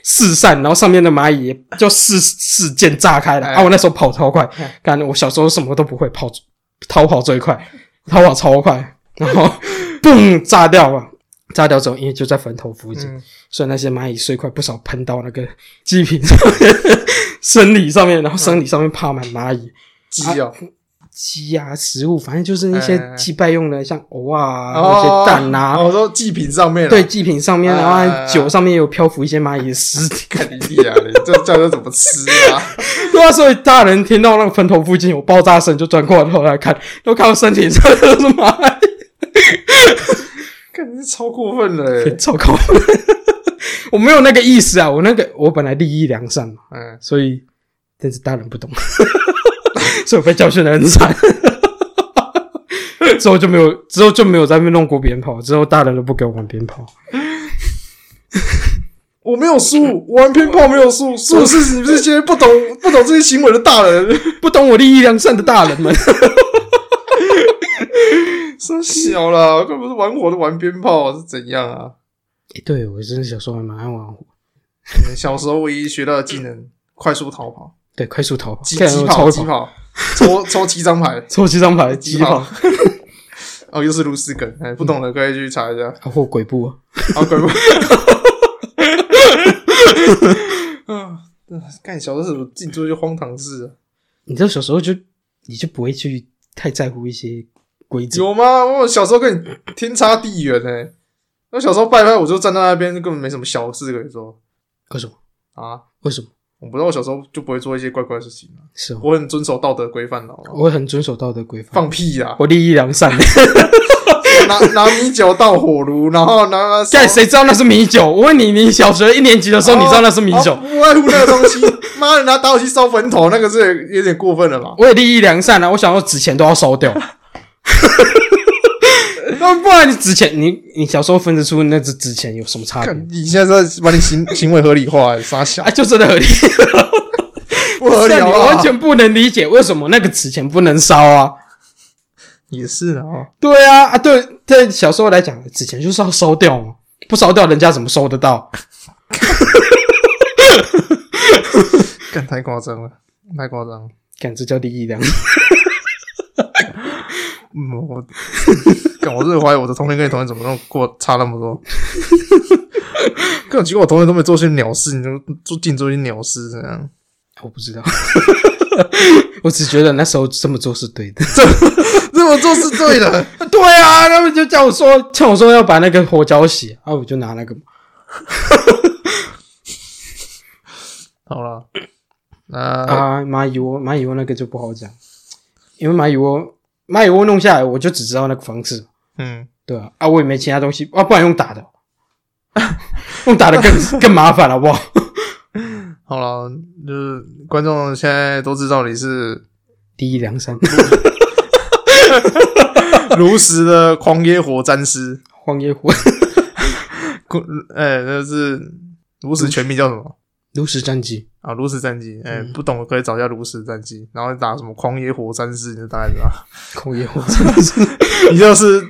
四、嗯、散，然後上面的螞蟻就四四濺炸開來，嗯，啊，我那時候跑超快，幹，嗯，才我小時候什麼都不會跑，跑逃跑最快，逃跑超快，然後嘣炸掉了，炸掉之後因為就在墳頭附近，嗯，所以那些螞蟻碎塊不少噴到那個祭品上面。嗯生理上面，然後生理上面爬滿螞蟻、雞、哦、啊雞啊，食物，反正就是那些祭拜用的，哎哎哎像藕啊那些、哦哦哦哦、蛋啊、哦。我說祭品上面，對，祭品上面，哎哎哎哎然後酒上面有漂浮一些螞蟻的屍體，看你的，這叫他怎麼吃啊？哇、 啊，所以大人聽到那個墳頭附近有爆炸聲，就轉過頭來，來看，都看到身體上都是螞蟻，肯定是超過分的、欸，超過分。我沒有那個意思啊！我那個我本來立意良善嘛，嗯，所以，但是大人不懂， 所以我被教訓得很慘。 之後就沒有，之後就沒有在那邊弄過鞭炮。之後大人都不給我玩鞭炮。我沒有輸，我玩鞭炮沒有輸，輸是，是你們這些不懂不懂這些行為的大人，不懂我立意良善的大人們。說 小了，我根本不是玩火，是玩鞭炮，是怎樣啊？欸、對，我真的小時候還蠻愛玩、嗯。小時候唯一學到的技能， 快速逃跑。對，快速逃跑，疾疾超疾跑，抽抽七張牌，抽七張牌的，疾跑。跑 哦，又是盧斯梗，欸、不懂的可以去查一下。啊、或鬼步、啊，好、啊、鬼步。 啊，幹小時候怎麼淨做些荒唐事、啊？你這小時候就你就不會去太在乎一些規則？有嗎？我小時候跟你天差地遠呢、欸。我小時候拜拜，我就站在那邊，根本沒什麼小事可以說。為什麼啊？為什麼？我不知道，我小時候就不會做一些怪怪的事情啊。是嗎？我很遵守道德規範哦，我很遵守道德規範。放屁啦！我立意良善， 拿拿米酒倒火爐，然後拿，現在誰 知道那是米酒？我問你，你小學一年級的時候，你知道那是米酒？啊啊、我在乎那個東西。媽 的，拿打火機燒墳頭，那個是有點過分了吧？我也立意良善啊，我想說紙錢都要燒掉。 不然你紙錢，你你小時候分得出那只紙錢有什麼差別？你現在把你行 行為合理化，欸，傻小啊就真的合理了，我 合理了？我完全不能理解為什麼那個紙錢不能燒啊！也是啊，對啊啊，對，在小時候來講，紙錢就是要燒掉，嘛，不燒掉人家怎麼收得到？幹 太誇張了，太誇張了，簡直叫力一量。 嗯，我，我真的懷疑我的童年跟你童年怎麼那麼過差那麼多。更 奇怪，我童年都沒做些鳥事，你就就盡做些鳥事這樣。我不知道， 我只覺得那時候這麼做是對的，這 麼做是對的。 對，的 對啊，他們就叫我說，叫我說要把那個火澆熄，啊，我就拿那個。 好了，啊，螞蟻窩，螞蟻窩那個就不好講，因為螞蟻窩。螞蟻窩弄下來，我就只知道那個房子，嗯，對啊，啊，我也沒其他東西，啊，不然用打的， 用打的更 更麻煩，好不好？好了，就是觀眾現在都知道你是第一梁山， 爐石的狂野火占師，狂野火，狂，哎，那是爐石全名叫什麼？ 爐石戰記啊，爐、哦、石戰記。誒、欸、不懂的可以找一下爐石戰記，嗯，然後你打什麼狂野火占師，你就大概知道狂野火占師 你就是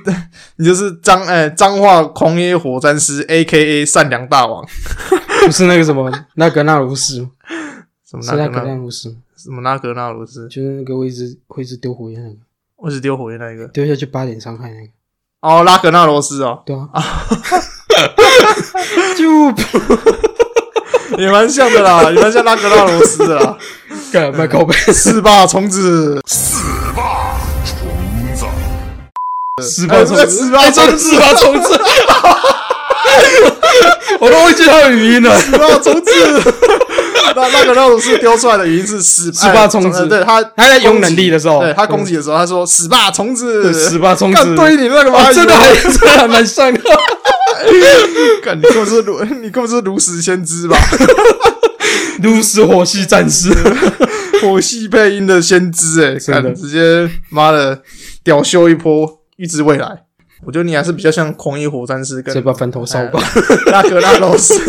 你就是彰誒彰化狂野火占師 a k a 善良大王，不是那個什麼拉 格納羅斯？什麼拉格納羅斯？什麼拉格納羅斯？就是那個位置會一直丟火焰那個，位置丟火焰那個，丟下去八點傷害那個。哦、oh,，拉格納羅斯哦，對啊， 就不。 也蠻像的啦， 也蠻像拉格納羅斯啦幹嗎搞唄？死 吧，蟲 松子！死吧，蟲子！死吧，蟲子！死吧，蟲子。我剛剛會聽到語音了，死吧，蟲 松子！ 啊、那拉格納羅斯丟出來的語音是“死吧，蟲子”哎。對他，他在用能力的時候，攻擊對他攻擊的時候，他說“死吧，蟲子”對，死吧，蟲子！看你那個、啊，真的還、哎、真的還蠻像的。 看你更是爐，你更是爐石先知吧？爐 石火系戰士， 火系配音的先知哎、欸！看直接媽的屌秀一波，預知未來。我覺得你還是比較像狂野火占師跟，這把墳頭燒吧。唉唉唉唉 拉格納羅斯，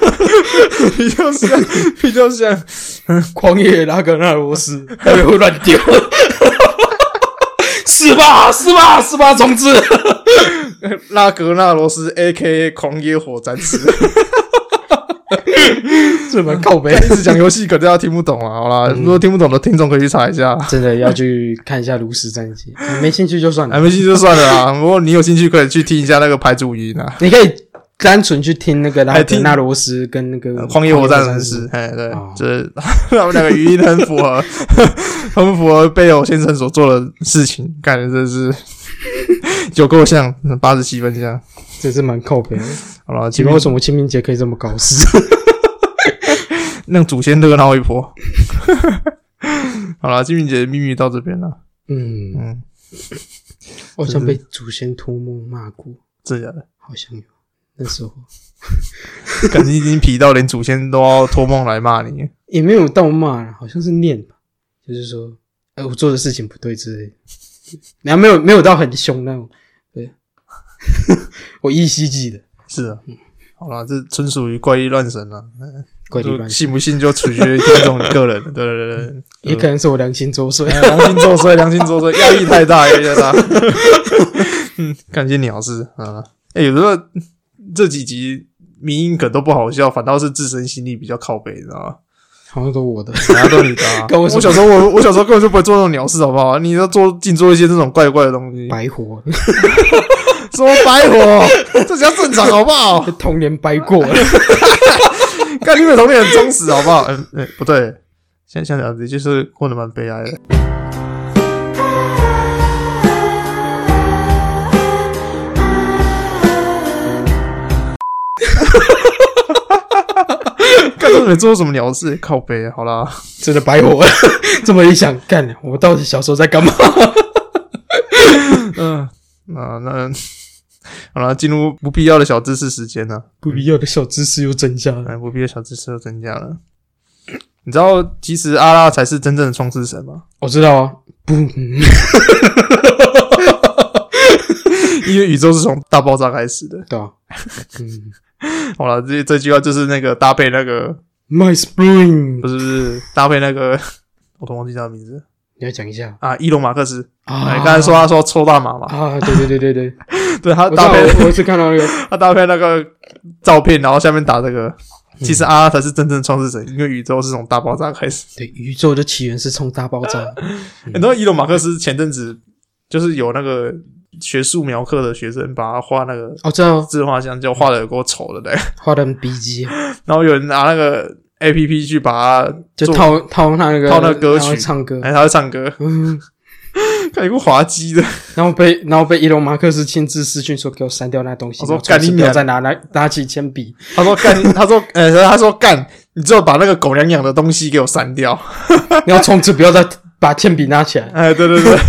比較像，比較像、嗯、狂野拉格納羅斯，特 別會亂亂掉丟？ 是吧是吧是吧，總之，拉 格納羅斯 （A.K.A. 狂野火戰士） 這蠻靠北的，開始講遊戲肯定要聽不懂啊，好啦，嗯、如果聽不懂的聽眾可以去查一下，真的要去看一下石《爐石戰記》。沒興趣就算了，還沒興趣就算了啊！不 過你有興趣可以去聽一下那個《牌主音》啊，你可以。單純去聽那個拉格納羅斯跟那個狂野火占師，狂野火占師，誒對，哦就是、 他們兩個語音很符合， 很符合貝爾先生所做的事情，感覺真是 有夠像，八十七分像，這是蠻靠北的。好啦，請問為什麼清明節可以這麼搞事？ 那個祖先熱鬧一波。 好啦，清明節秘密到這邊了。嗯嗯，好 像被祖先託夢罵過，真的，的，好像有。很熟，感覺已經皮，到連祖先都要託夢來罵你，也沒有到罵，好像是念吧，就是說，哎、欸，我做的事情不對之類的，你還沒有沒有到很凶那種，對， 我依稀記得，是啊，嗯，好了，這純屬於怪力亂神了，啊欸，怪力亂神，信不信就取決於聽眾你個人，對對對，對，對，也可能是我良心作祟， 良心作祟，良心作祟，壓力太大，壓力太大，嗯， 感謝你老師啊，哎、欸，有時候、這個。這幾集迷因梗都不好笑，反倒是自身心理比較靠北，知道嗎？好像都我的，好像都你的、啊。 我，我小時候我，我我小時候根本就不會做這種鳥事，好不好？你要做淨做一些這種怪怪的東西，白活。什麼 白活？ 這叫正常，好不好？童年白過了。看 你們童年很充實，好不好？嗯、欸欸，不對，像像這樣子，就是過得蠻悲哀的。哈哈哈！哈哈哈，看到你做什麼鳥事，靠北，好啦，真的白活了。這麼一想，幹，我到底小時候在幹嘛？ 嗯，啊，那好了，進入不必要的小知識時間了。不必要的小知識又增加了。不必要的小知識又增加了。嗯、增加了 你知道，其實阿拉才是真正的創世神嗎？我知道啊，不。嗯 因為宇宙是從大爆炸開始的。對、啊嗯，好了，這這句話就是那個搭配那個 My Spring，不是不是，搭配那個，那個、我都忘記叫名字，你要講一下啊？伊隆馬克斯啊，你剛才說他說抽大麻嘛？啊，對對對對對 對，他搭配我，我，我是看到那個他搭配那個照片，然後下面打這個，嗯、其實阿拉才是真正創世神，因為宇宙是從大爆炸開始。對，宇宙的起源是從大爆炸。 嗯、你知道伊隆馬克斯前陣子就是有那個。學素描課的學生把他畫那個哦，知道自畫像，就畫的有夠醜的嘞，畫的很逼真。然後有人拿那個 A P P 去把他就套套他那個套他歌曲他唱歌，哎，他會唱歌，他有夠滑稽的。然後被然後被伊隆馬克斯親自私訊說，給我刪掉那東西。他說幹，你不要再拿來拿起鉛筆。他說幹、 欸，他說呃，他說幹，你只有把那個狗娘養的東西給我刪掉。你要從此不要再把鉛筆拿起來。哎，對對對。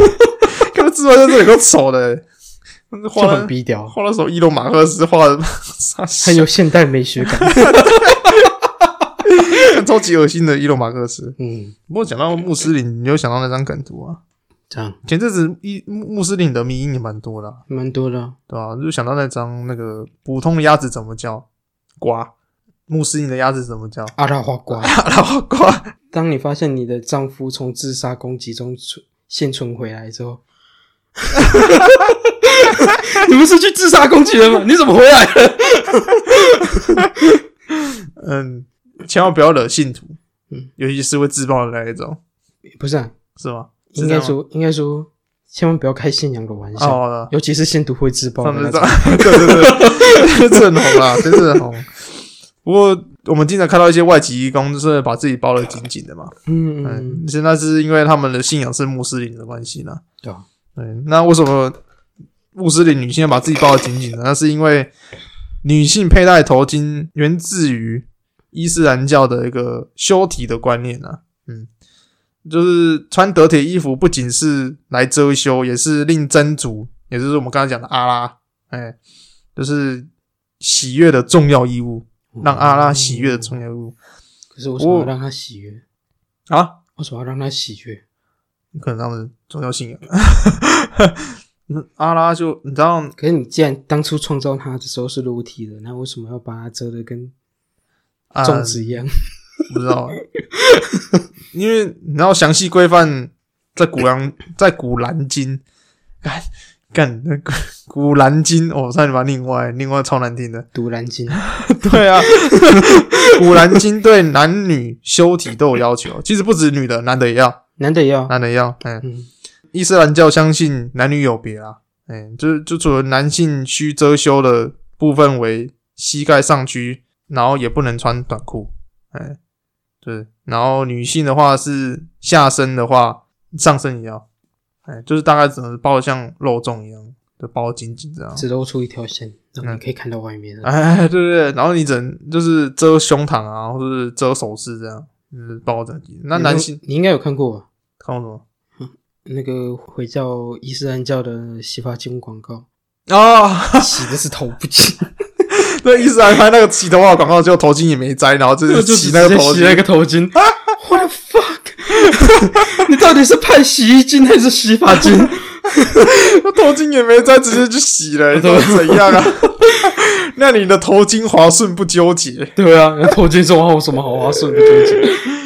看之自在這裡夠醜的，就很逼調。畫了首《伊隆馬克斯》，畫的很有現代美學感 超級噁心的伊隆馬克斯。嗯，不過講到穆斯林、嗯，你就想到那張梗圖啊。這樣，前陣子伊穆斯林的迷因也蠻多的，啊，蠻多的，對吧？啊？就想到那張那個普通的鴨子怎麼叫“瓜”。穆斯林的鴨子怎麼叫“阿拉花瓜”？阿拉花瓜。當你發現你的丈夫從自殺攻擊中存現存回來之後。哈哈哈！哈，你不是去自殺攻擊人嗎？你怎麼回來了？ 嗯，千萬不要惹信徒，嗯，尤其是會自爆的那一種，不是啊，是嗎？應該說，應該說，千萬不要開信仰的玩笑，啊、的尤其是信徒會自爆的那種，這 對對對， 真的紅了， 真的紅。不過我們經常看到一些外籍義工，就是把自己包得緊緊的嘛，嗯，嗯現在是因為他們的信仰是穆斯林的關係呢，對、啊對，那為什麼穆斯林女性要把自己包得緊緊的？那是因為女性佩戴的頭巾源自於伊斯蘭教的一個修體的觀念呢、啊。嗯，就是穿得體衣服不僅是來遮羞，也是令真主，也就是我們剛才講的阿拉，哎、欸，就是喜悅的重要義務，讓阿拉喜悅的重要義務、嗯。可是為什麼要讓他喜悅啊？為什麼要讓他喜悅？可能讓人宗教信仰，那 阿拉就你知道？可是你既然當初創造他的時候是裸體的，那為什麼要把它遮得跟粽子一樣、嗯？不知道， 因為你要詳細規範在，古洋在古《古蘭》在《古蘭經》干干那個《古蘭經》哦，差點把另外另外超難聽的《賭蘭經》 對啊， 《古蘭經》對男女修體都有要求，其實不止女的，男的也要。男的也要，男的也要、欸，嗯，伊斯蘭教相信男女有別啊，嗯、欸，就就除了男性需遮羞的部分為膝蓋上區，然後也不能穿短褲，哎、欸，對，然後女性的話是下身的話，上身也要，哎、欸，就是大概只能包的像肉粽一樣，就包緊緊這樣，只露出一條線，讓、嗯、你可以看到外面，哎、欸，對，對對，然後你只能就是遮胸膛啊，或者是遮首飾這樣，嗯、就是，包的那男性你，你應該有看過、啊。看我什麼、嗯？那個回教伊斯蘭教的洗髮精廣告啊、oh!，洗的是頭不巾 。對，伊斯蘭拍那個洗頭髮的廣告，結果頭巾也沒摘，然後直接洗那個頭巾，那洗了一個頭巾。我 的 What the fuck， 你到底是拍洗衣精還是洗髮精？ 頭巾也沒摘，直接就洗了、欸， 怎麼怎樣啊？ 那你的頭巾滑順不糾結？對啊，那頭巾說廣我什麼好滑順 不糾結？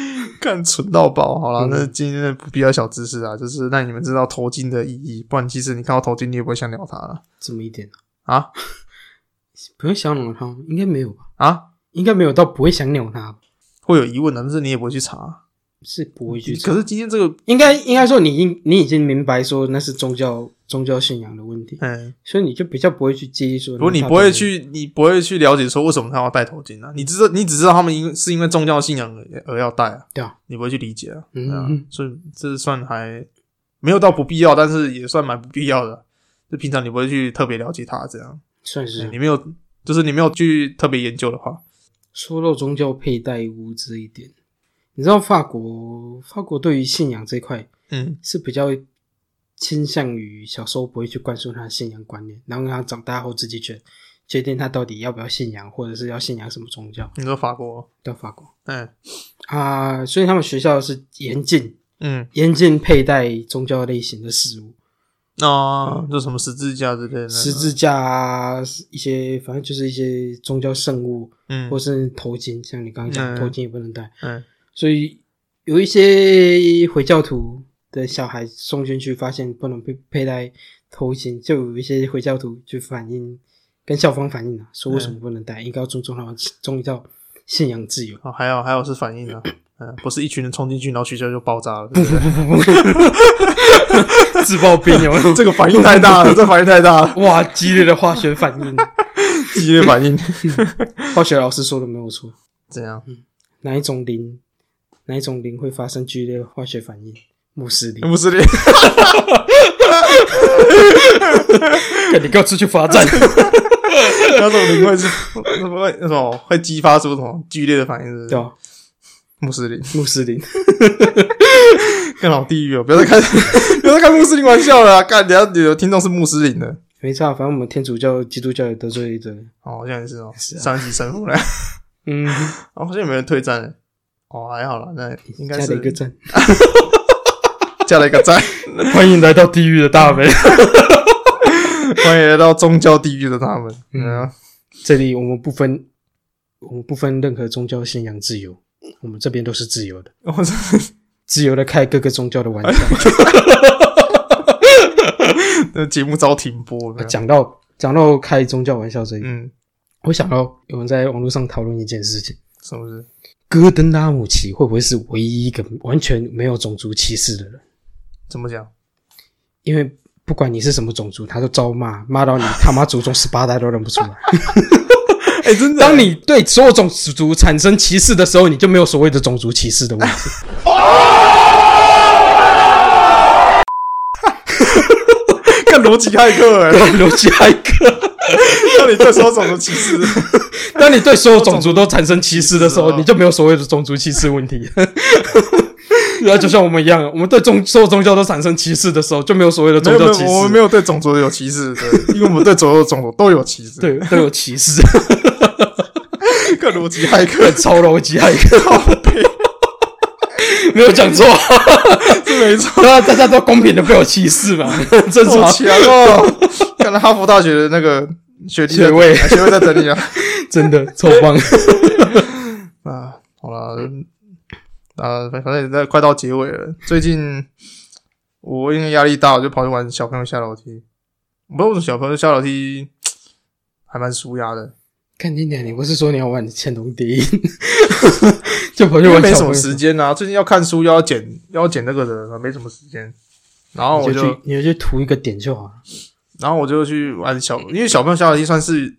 幹純到爆，好啦，那今天的不必要小知識啊、嗯，就是讓你們知道頭巾的意義，不然其實你看到頭巾，你也不會想鳥他了。這麼一點啊？不用想鳥他應該沒有吧啊？應該沒有到不會想鳥他，會有疑問的，但是你也不會去查。是不會去。可是今天這個應該應該說你應你已經明白說那是宗教宗教信仰的問題，所以你就比較不會去接觸。不過你不會去，你不會去了解說為什麼他要戴頭巾呢、啊？你知道，你只你只知道他們因是因為宗教信仰而要戴啊，對啊，你不會去理解啊，啊、嗯，所以這算還沒有到不必要，但是也算蠻不必要的、啊。就平常你不會去特別了解他這樣，算是、欸、你沒有，就是你沒有去特別研究的話，說到宗教佩戴物這一點。你知道法國？法國對於信仰這塊，嗯，是比較傾向於小時候不會去灌輸他的信仰觀念，然後讓他長大後自己決決定他到底要不要信仰，或者是要信仰什麼宗教。你說法國？對，法國。嗯啊，所以他們學校是嚴禁，嗯，嗯嚴禁佩戴宗教類型的事物，哦，啊，就什麼十字架之類的，十字架，啊，一些，反正就是一些宗教聖物，嗯，或是頭巾，像你剛剛講，嗯，頭巾也不能戴，嗯。嗯所以有一些回教徒的小孩送進去，發現不能被佩戴頭巾，就有一些回教徒就反映，跟校方反映了、啊，說為什麼不能戴？應該要尊重他們宗教信仰自由。嗯、哦，還有還有是反應啊，嗯、不是一群人衝進去，然後學校就爆炸了。對不不不不不， 自爆兵有沒有？ 這個反應太大了，這個、反應太大了，哇，激烈的化學反應，激烈反應， 化學老師說的沒有錯。怎樣？嗯、哪一種燐？哪一種燐會發生劇烈的化學反應？穆斯林，穆斯林，哈哈哈哈哈你給我出去罰站！哪種燐會是？怎麼會？那種會激發出什麼劇烈的反應？是？對啊，穆斯林，穆斯林，跟老地獄哦！不要再開， 不要再開穆斯林玩笑了、啊！幹，你要有聽眾是穆斯林的，沒錯，反正我們天主教、基督教也得罪了一陣。哦，這樣也是哦，三級、啊、神父了。 嗯，好、哦、像也沒人退戰了。哦，還好啦，那應該是加了一個讚，加了一個讚。 個讚 歡迎來到地獄的大門， 歡迎來到宗教地獄的大門。嗯，yeah. 這裡我們不分，我們不分任何宗教信仰自由，我們這邊都是自由的， 自由的開各個宗教的玩笑。 那節目遭停播了、啊，講到講到開宗教玩笑這裡，嗯，我想到有人在網絡上討論一件事情，是不是？戈登拉姆齊會不會是唯一一個完全沒有種族歧視的人？怎麼講？因為不管你是什麼種族，他都招罵，罵到你他媽祖宗十八代都認不出來。哎、 欸，真的，當你對所有種族產生歧視的時候，你就沒有所謂的種族歧視的問題。啊 oh! 邏輯駭客，欸，對，邏輯駭客。當你對所有種族歧視，當你對所有種族都產生歧視的時候，你就沒有所謂的種族歧視問題。那 就像我們一樣，我們對宗所有宗教都產生歧視的時候，就沒有所謂的宗教歧視。我們沒有對種族有歧視，對，因為我們對所有的種族都有歧視，對，都有歧視。跟邏輯駭客超邏輯駭客，好配。超沒有講錯，哈哈哈，是沒錯。大家都公平的，被我歧視嘛，正常。看來哈佛大學的那個學弟學妹，學妹在等你啊！啊、 真的，臭棒 啊！好了，嗯、啊，反正也在快到結尾了。最近我因為壓力大了，我就跑去玩小朋友下樓梯。不知道為什麼小朋友下樓梯還蠻舒壓的。看今典，你不是說你要玩你千龍第一？ 就朋友？沒什麼時間啊，最近要看書，又要剪，又要剪那個人，沒什麼時間。然後我就，你就去塗一個點就好。然後我就去玩小，因為小朋友下學期算是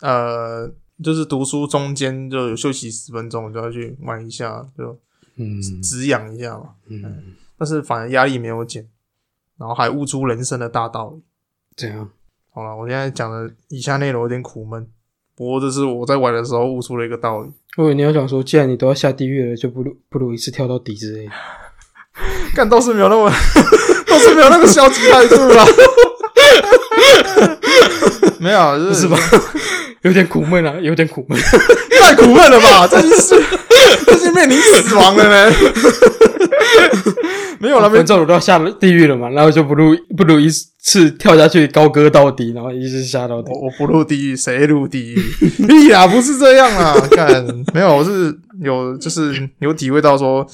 呃，就是讀書中間就有休息十分鐘，我就要去玩一下，就嗯止癢一下嘛。嗯，嗯，但是反而壓力沒有減，然後還悟出人生的大道理。這樣？好了，我現在講的以下內容有點苦悶。不過這是我在玩的時候悟出了一個道理，所、哦、以你要想說，既然你都要下地獄了，就不如不如一次跳到底之類的。看， 倒是沒有那麼， 倒是沒有那個消極態度了。 沒有，是吧？ 有點苦悶啊，有點苦悶，太苦悶了吧？ 這是件事， 這是面臨死亡了咩？ 沒有，那邊眾人都要下地獄了嘛， 然後就不如不如一次跳下去高歌到底，然後一直下到底。我，我不入地獄，誰入地獄？屁 呀，不是這樣啊！看，沒有，我是有，就是有體會到說，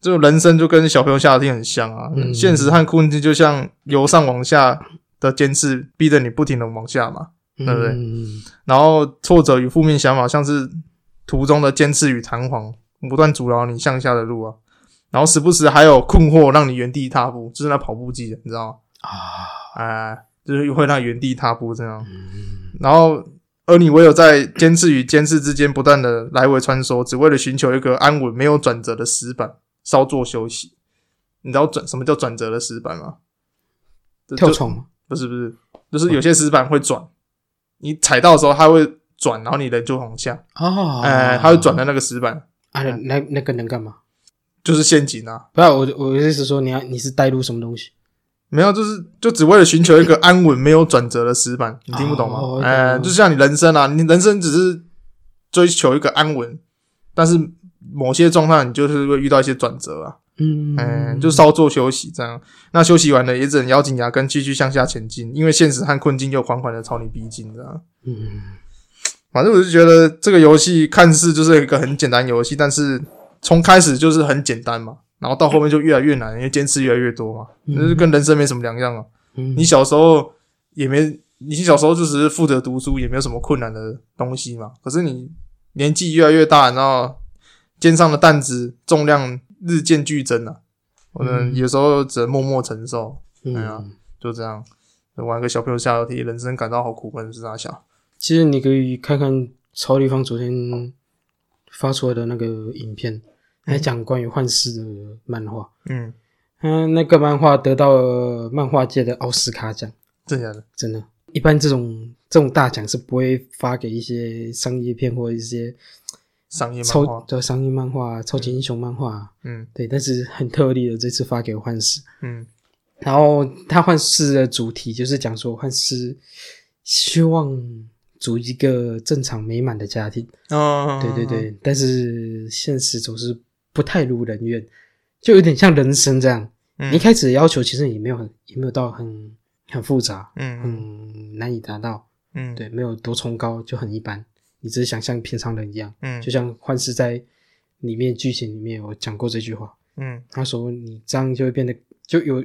就人生就跟小朋友下天很像啊。現、嗯、實和困境就像由上往下。的尖刺逼着你不停的往下嘛，嗯、對不對？嗯、然後挫折與負面想法像是途中的尖刺與彈簧，不斷阻撓你向下的路啊。然後時不時還有困惑讓你原地踏步，就是、那跑步機，你知道嗎？啊、哎，哎，就是會讓原地踏步這樣。嗯、然後而你唯有在尖刺與尖刺之間不斷的來回穿梭，只為了尋求一個安穩、沒有轉折的石板，稍作休息。你知道轉什麼叫轉折的石板嗎？跳床。不是不是，就是有些石板會轉，okay. 你踩到的時候它會轉，然後你人就往下。啊、oh. 欸，它會轉的那個石板。Oh. 啊，那那個能幹嘛？就是陷阱啊。不要，我，我的意思說你，你要你是帶入什麼東西？沒有，就是就只為了尋求一個安穩，沒有轉折的石板，oh. 你聽不懂嗎？哎、oh. okay. 欸，就像你人生啊，你人生只是追求一個安穩，但是某些狀態你就是會遇到一些轉折啊。嗯，就稍作休息，這樣。那休息完了，也只能咬緊牙根，繼續向下前進，因為現實和困境又緩緩的朝你逼近，這樣，嗯，反正我就覺得這個遊戲看似就是一個很簡單遊戲，但是從開始就是很簡單嘛，然後到後面就越來越難，因為堅持越來越多嘛，就、嗯、是跟人生沒什麼兩樣啊、嗯。你小時候也沒，你小時候就只是負責讀書，也沒有什麼困難的東西嘛。可是你年紀越來越大，然後肩上的擔子重量。日漸劇增啊！我們有時候只能默默承受，嗯啊、哎，就這樣就玩個小朋友下樓梯，人生感到好苦悶是哪小？其實你可以看看超粒方昨天發出來的那個影片，來、嗯、講關於幻視的漫畫。嗯嗯，那個漫畫得到了漫畫界的奧斯卡獎，真假的真的。一般這種這種大獎是不會發給一些商業片或一些。漫超，對，商業漫畫、超級英雄漫畫，嗯，對，但是很特例的，這次發給幻視，嗯，然後他幻視的主題就是講說幻視希望組一個正常美滿的家庭，哦，對對對、嗯，但是現實總是不太如人願，就有點像人生這樣，嗯、一開始的要求其實也沒有很也沒有到很很複雜，嗯，嗯難以達到，嗯，對，沒有多崇高就很一般。你只是想像平常人一樣，嗯，就像幻視在裡面劇情裡面我講過這句話，嗯，他說你這樣就會變得就有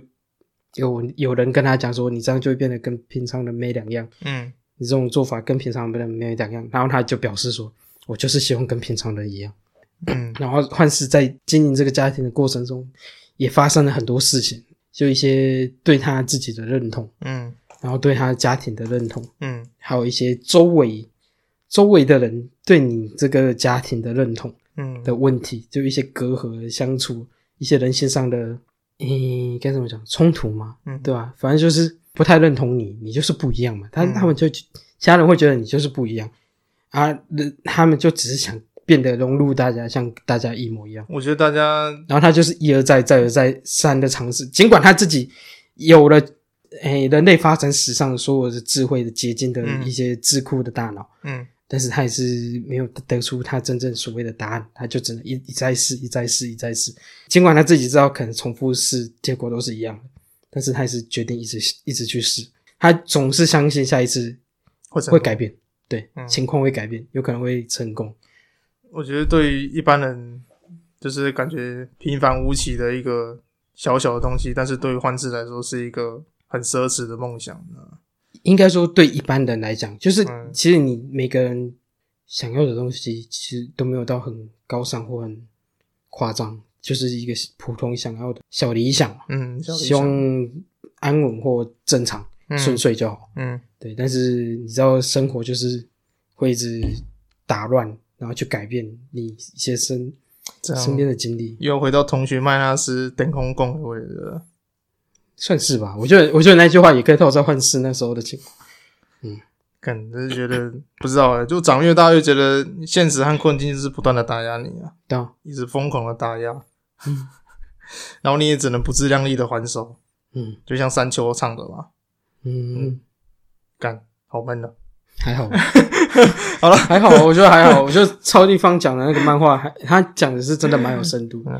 有有人跟他講說你這樣就會變得跟平常人沒兩樣，嗯，你這種做法跟平常人沒兩樣，然後他就表示說，我就是喜歡跟平常人一樣，嗯，然後幻視在經營這個家庭的過程中，也發生了很多事情，就一些對他自己的認同，嗯，然後對他家庭的認同，嗯，還有一些周圍。周圍的人對你這個家庭的認同嗯，的問題、嗯，就一些隔閡相處，一些人性上的，嗯、欸，該怎麼講衝突嘛？嗯，對吧？反正就是不太認同你，你就是不一樣嘛。他、嗯、他們就其他人會覺得你就是不一樣啊，他們就只是想變得融入大家，像大家一模一樣。我覺得大家，然後他就是一而再，再而再三的嘗試，儘管他自己有了誒、哎，人類發展史上所有的智慧的結晶的一些智庫的大腦，嗯。嗯但是他也是沒有得出他真正所謂的答案，他就只能一再試，一再試，一再試。盡管他自己知道可能重複試結果都是一樣的，但是他也是決定一直一直去試。他總是相信下一次會會改變，對，嗯、情況會改變，有可能會成功。我覺得對於一般人，就是感覺平凡無奇的一個小小的東西，但是對於幻志來說，是一個很奢侈的夢想。應該說，對一般人來講，就是其實你每個人想要的東西，其實都沒有到很高尚或很誇張，就是一個普通想要的小理想，嗯，希望安穩或正常、嗯、順遂就好，嗯，對。但是你知道，生活就是會一直打亂，然後去改變你一些身身邊的經歷，又回到同學麥拉斯登空共的算是吧，我覺得，我覺得那句話也可以套在幻視那時候的情況。嗯，幹、就是覺得 不知道誒、欸，就長越大，越覺得現實和困境就是不斷的打壓你啊，對，一直瘋狂的打壓。嗯， 然後你也只能不自量力的還手。嗯，就像山丘唱的吧。嗯，幹、嗯、好悶的，還好， 好了，還好，我覺得還好。我覺得超地方講的那個漫畫，還 他講的是真的蠻有深度的。嗯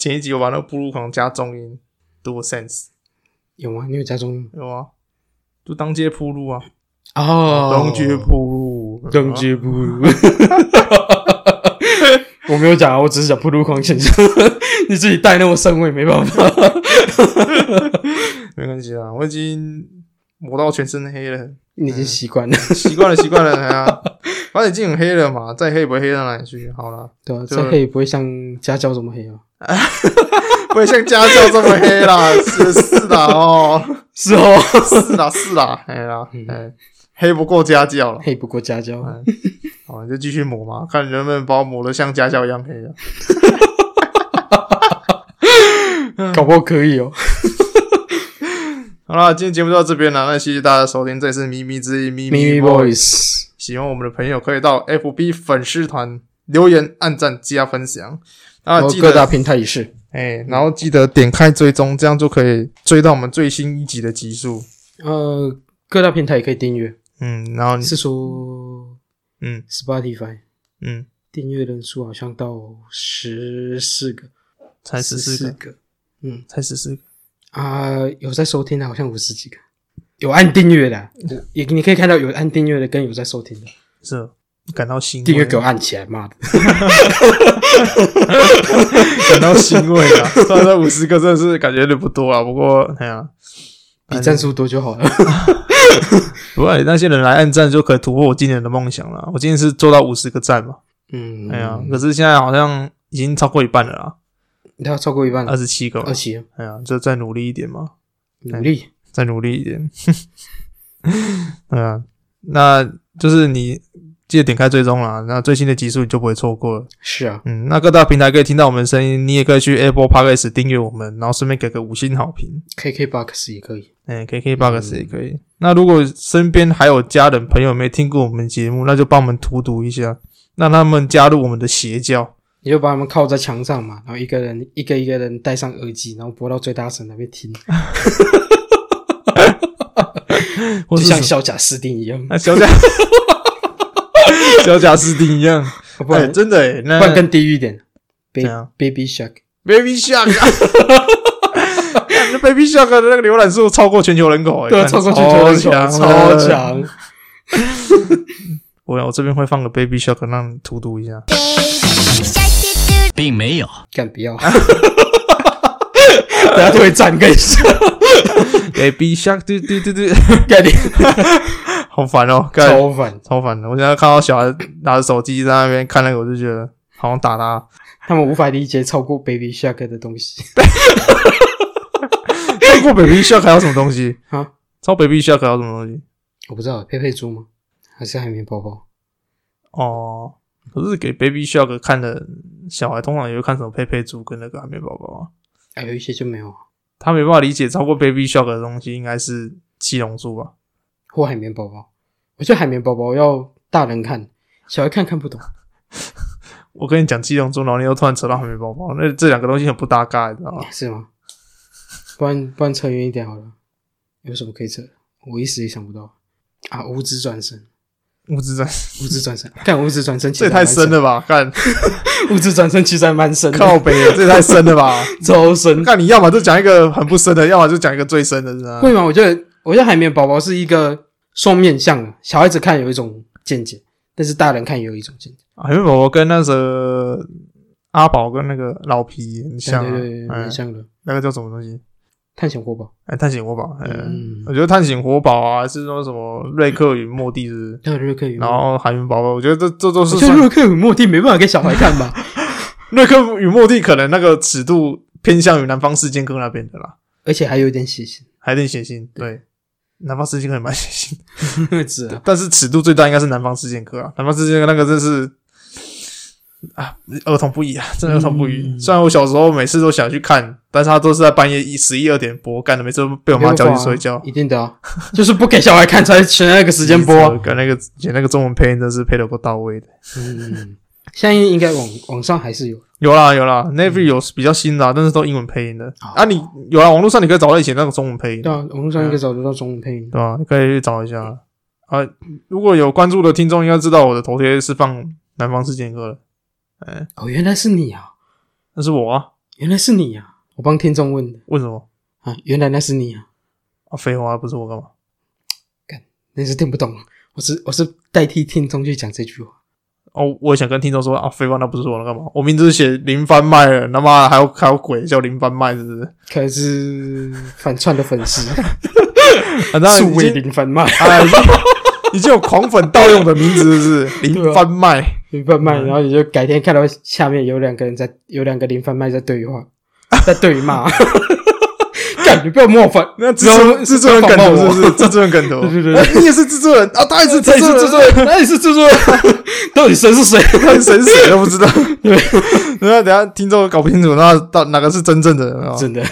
前一集我把那個鋪路狂加重音，多 sense，有嗎？你有加重音有啊？就當街鋪路啊？Oh, 有有啊當街鋪路，當街鋪路。哈哈哈哈哈我沒有講、啊，啊我只是講鋪路狂先生。 你自己帶那麼深，我也沒辦法。 沒關係啦，我已經抹到全身黑了。你已經習慣了，習、嗯、慣了，習慣了。哎呀、啊， 反正已經很黑了嘛，再黑也不會黑到哪裡去。好了，對啊，再黑也不會像家教這麼黑啊。 不會像家教這麼黑啦， 是是的哦，是哦，是啦是啦，哎 呀、嗯，黑不過家教了， 黑不過家教， 好，就繼續抹嘛，看人們把我抹得像家教一樣黑了， 搞不好可以哦。 好了，今天節目就到這邊了，那謝謝大家收聽，這裡是咪咪之音咪咪 boys，, 咪咪 boys 喜歡我們的朋友可以到 FB 粉絲團留言、按讚、加分享。啊、然後各大平台也是，哎，然後記得點開追蹤，這樣就可以追到我們最新一集的集數。呃，各大平台也可以訂閱。嗯，然後你是說，嗯，Spotify，嗯，訂閱人數好像到十四個，才十四個，個，嗯，才十四個。啊、呃，有在收聽的，好像五十幾個，有按訂閱的、啊，也 你可以看到有按訂閱的跟有在收聽的，是。感到欣慰，第一個給我按起來，媽的 感到欣慰啊，雖然五十個真是感覺有點不多啊。不過哎呀，比戰術多就好了 不。不會那些人來按讚，就可以突破我今年的夢想了，啊。我今年是做到五十個讚嘛？嗯，哎呀，可是現在好像已經超過一半了啦，你看超過一半，二十七個，二十七。哎呀，就再努力一點嘛，努力，再努力一點。 嗯、啊，那就是你。記得點開追蹤啦，那最新的集數你就不會錯過了。是啊，嗯，那各大平台可以聽到我們聲音，你也可以去 Apple Podcasts 訂閱我們，然後順便給個五星好評。KK Box 也可以，誒、欸、KK Box 也可以、嗯。那如果身邊還有家人朋友沒聽過我們節目，那就幫我們荼毒一下，讓他們加入我們的邪教。你就把他們靠在牆上嘛，然後一個人一個一個人戴上耳機，然後播到最大聲那邊聽， 就像小賈斯汀一樣。啊、小賈。 小賈斯汀一樣，不、欸，真的、欸，那換更低一點。B、Baby Shark，Baby Shark，哈哈哈哈哈 Baby Shark 的那個瀏覽數超過全球人口，哎，超過全球人口，超強。 我我這邊會放個 Baby Shark 讓你突突一下。Baby Shark，並沒有，幹不要 等下就大家都會站更少。 Baby Shark，嘟嘟嘟嘟，嘟，幹 t Get it. 好煩哦，剛才，超煩，超煩的。我現在看到小孩拿着手機在那邊看那個，我就覺得好像打他。他們無法理解超過 baby shark 的東西。 超過 baby shark 還有什麼東西啊？超過 baby shark 還有什麼東西？我不知道，佩佩豬嗎？還是海綿寶寶？哦，可是給 baby shark 看的小孩通常也會看什麼佩佩豬跟那個海綿寶寶啊？還有一些就沒有、啊。他沒辦法理解超過 baby shark 的東西，應該是七龍珠吧，或海綿寶寶。我覺得海綿寶寶要大人看，小孩看看不懂。我跟你講《七龍珠》，然後你又突然扯到海綿寶寶，那這兩個東西很不搭嘎，你知道嗎？是嗎？不然不然扯遠一點好了。有什麼可以扯？我一時也想不到啊。五指轉身，五指轉，五指轉身。看五指轉身, 身，這也太深了吧！看五指轉身，其實還蠻深的。靠北啊，這也太深了吧！ 超深。看你要麼就講一個很不深的，要麼就講一個最深的，知道嗎？為什麼？我覺得，我覺得海綿寶寶是一個。雙面像，小孩子看有一種見解，但是大人看也有一種見解。海綿寶寶跟那個阿寶跟那個老皮很像，啊對對對欸，很像的。那個叫什麼東西？探險活寶。哎，欸，探險活寶。嗯，我覺得探險活寶啊，還是說什麼瑞克與莫蒂是？對，瑞克與。然後海綿寶寶，我覺得這這，這都是。就瑞克與莫蒂沒辦法給小孩看吧？ 瑞克與莫蒂可能那個尺度偏向於南方四賤客那邊的啦，而且還有一點血腥，還有點血腥，對。對南方四賤客也蠻血腥， 是啊。但是尺度最大應該是南方四賤客啊，南方四賤客那個真是啊，兒童不宜啊，真的兒童不宜。嗯、雖然我小時候每次都想去看，但是他都是在半夜一十一二點播，幹的每次都被我媽叫去睡覺。一定的、啊， 就是不給小孩看才選那個時間播、啊，嗯、跟那個選那個中文配音，真的是配的不到位的。嗯。 現在應該網網上還是有，有啦有啦 n a v y 有比較新的、啊，但是都英文配音的、哦、啊你。你有啊，網絡上你可以找到一些那種中文配音，對啊，網絡上應該找得到中文配音，嗯、對吧、啊？你可以去找一下、嗯、啊。如果有關注的聽眾，應該知道我的頭貼是放南方四賤客的。哎、欸，哦，原來是你啊！那是我啊。原來是你啊！我幫聽眾問，的。問什麼啊？原來那是你啊！啊，廢話，不是我幹嘛？幹，那是聽不懂、啊。我是我是代替聽眾去講這句話。哦、oh，我也想跟聽眾說啊，飛帆那不是說了幹嘛？我名字是寫林番麥了，那麼還有還有鬼叫林番麥是不是？可是反串的粉絲，素為林番麥，你，就是 呃、你，就 你就有狂粉盜用的名字是不是？林 番麥，林、啊、番麥，然後你就改天看到下面有兩個人在，有兩個林番麥在對話，在對罵。 你不要冒犯、嗯，那製作人這種梗圖是不是？這這種梗圖、欸，你也是製作人啊，他也是他也是製作人，那也是製作人、人、人、人，到底誰是誰？誰 誰都不知道，因為等一下聽眾搞不清楚那，那到哪個是真正的？有有真的，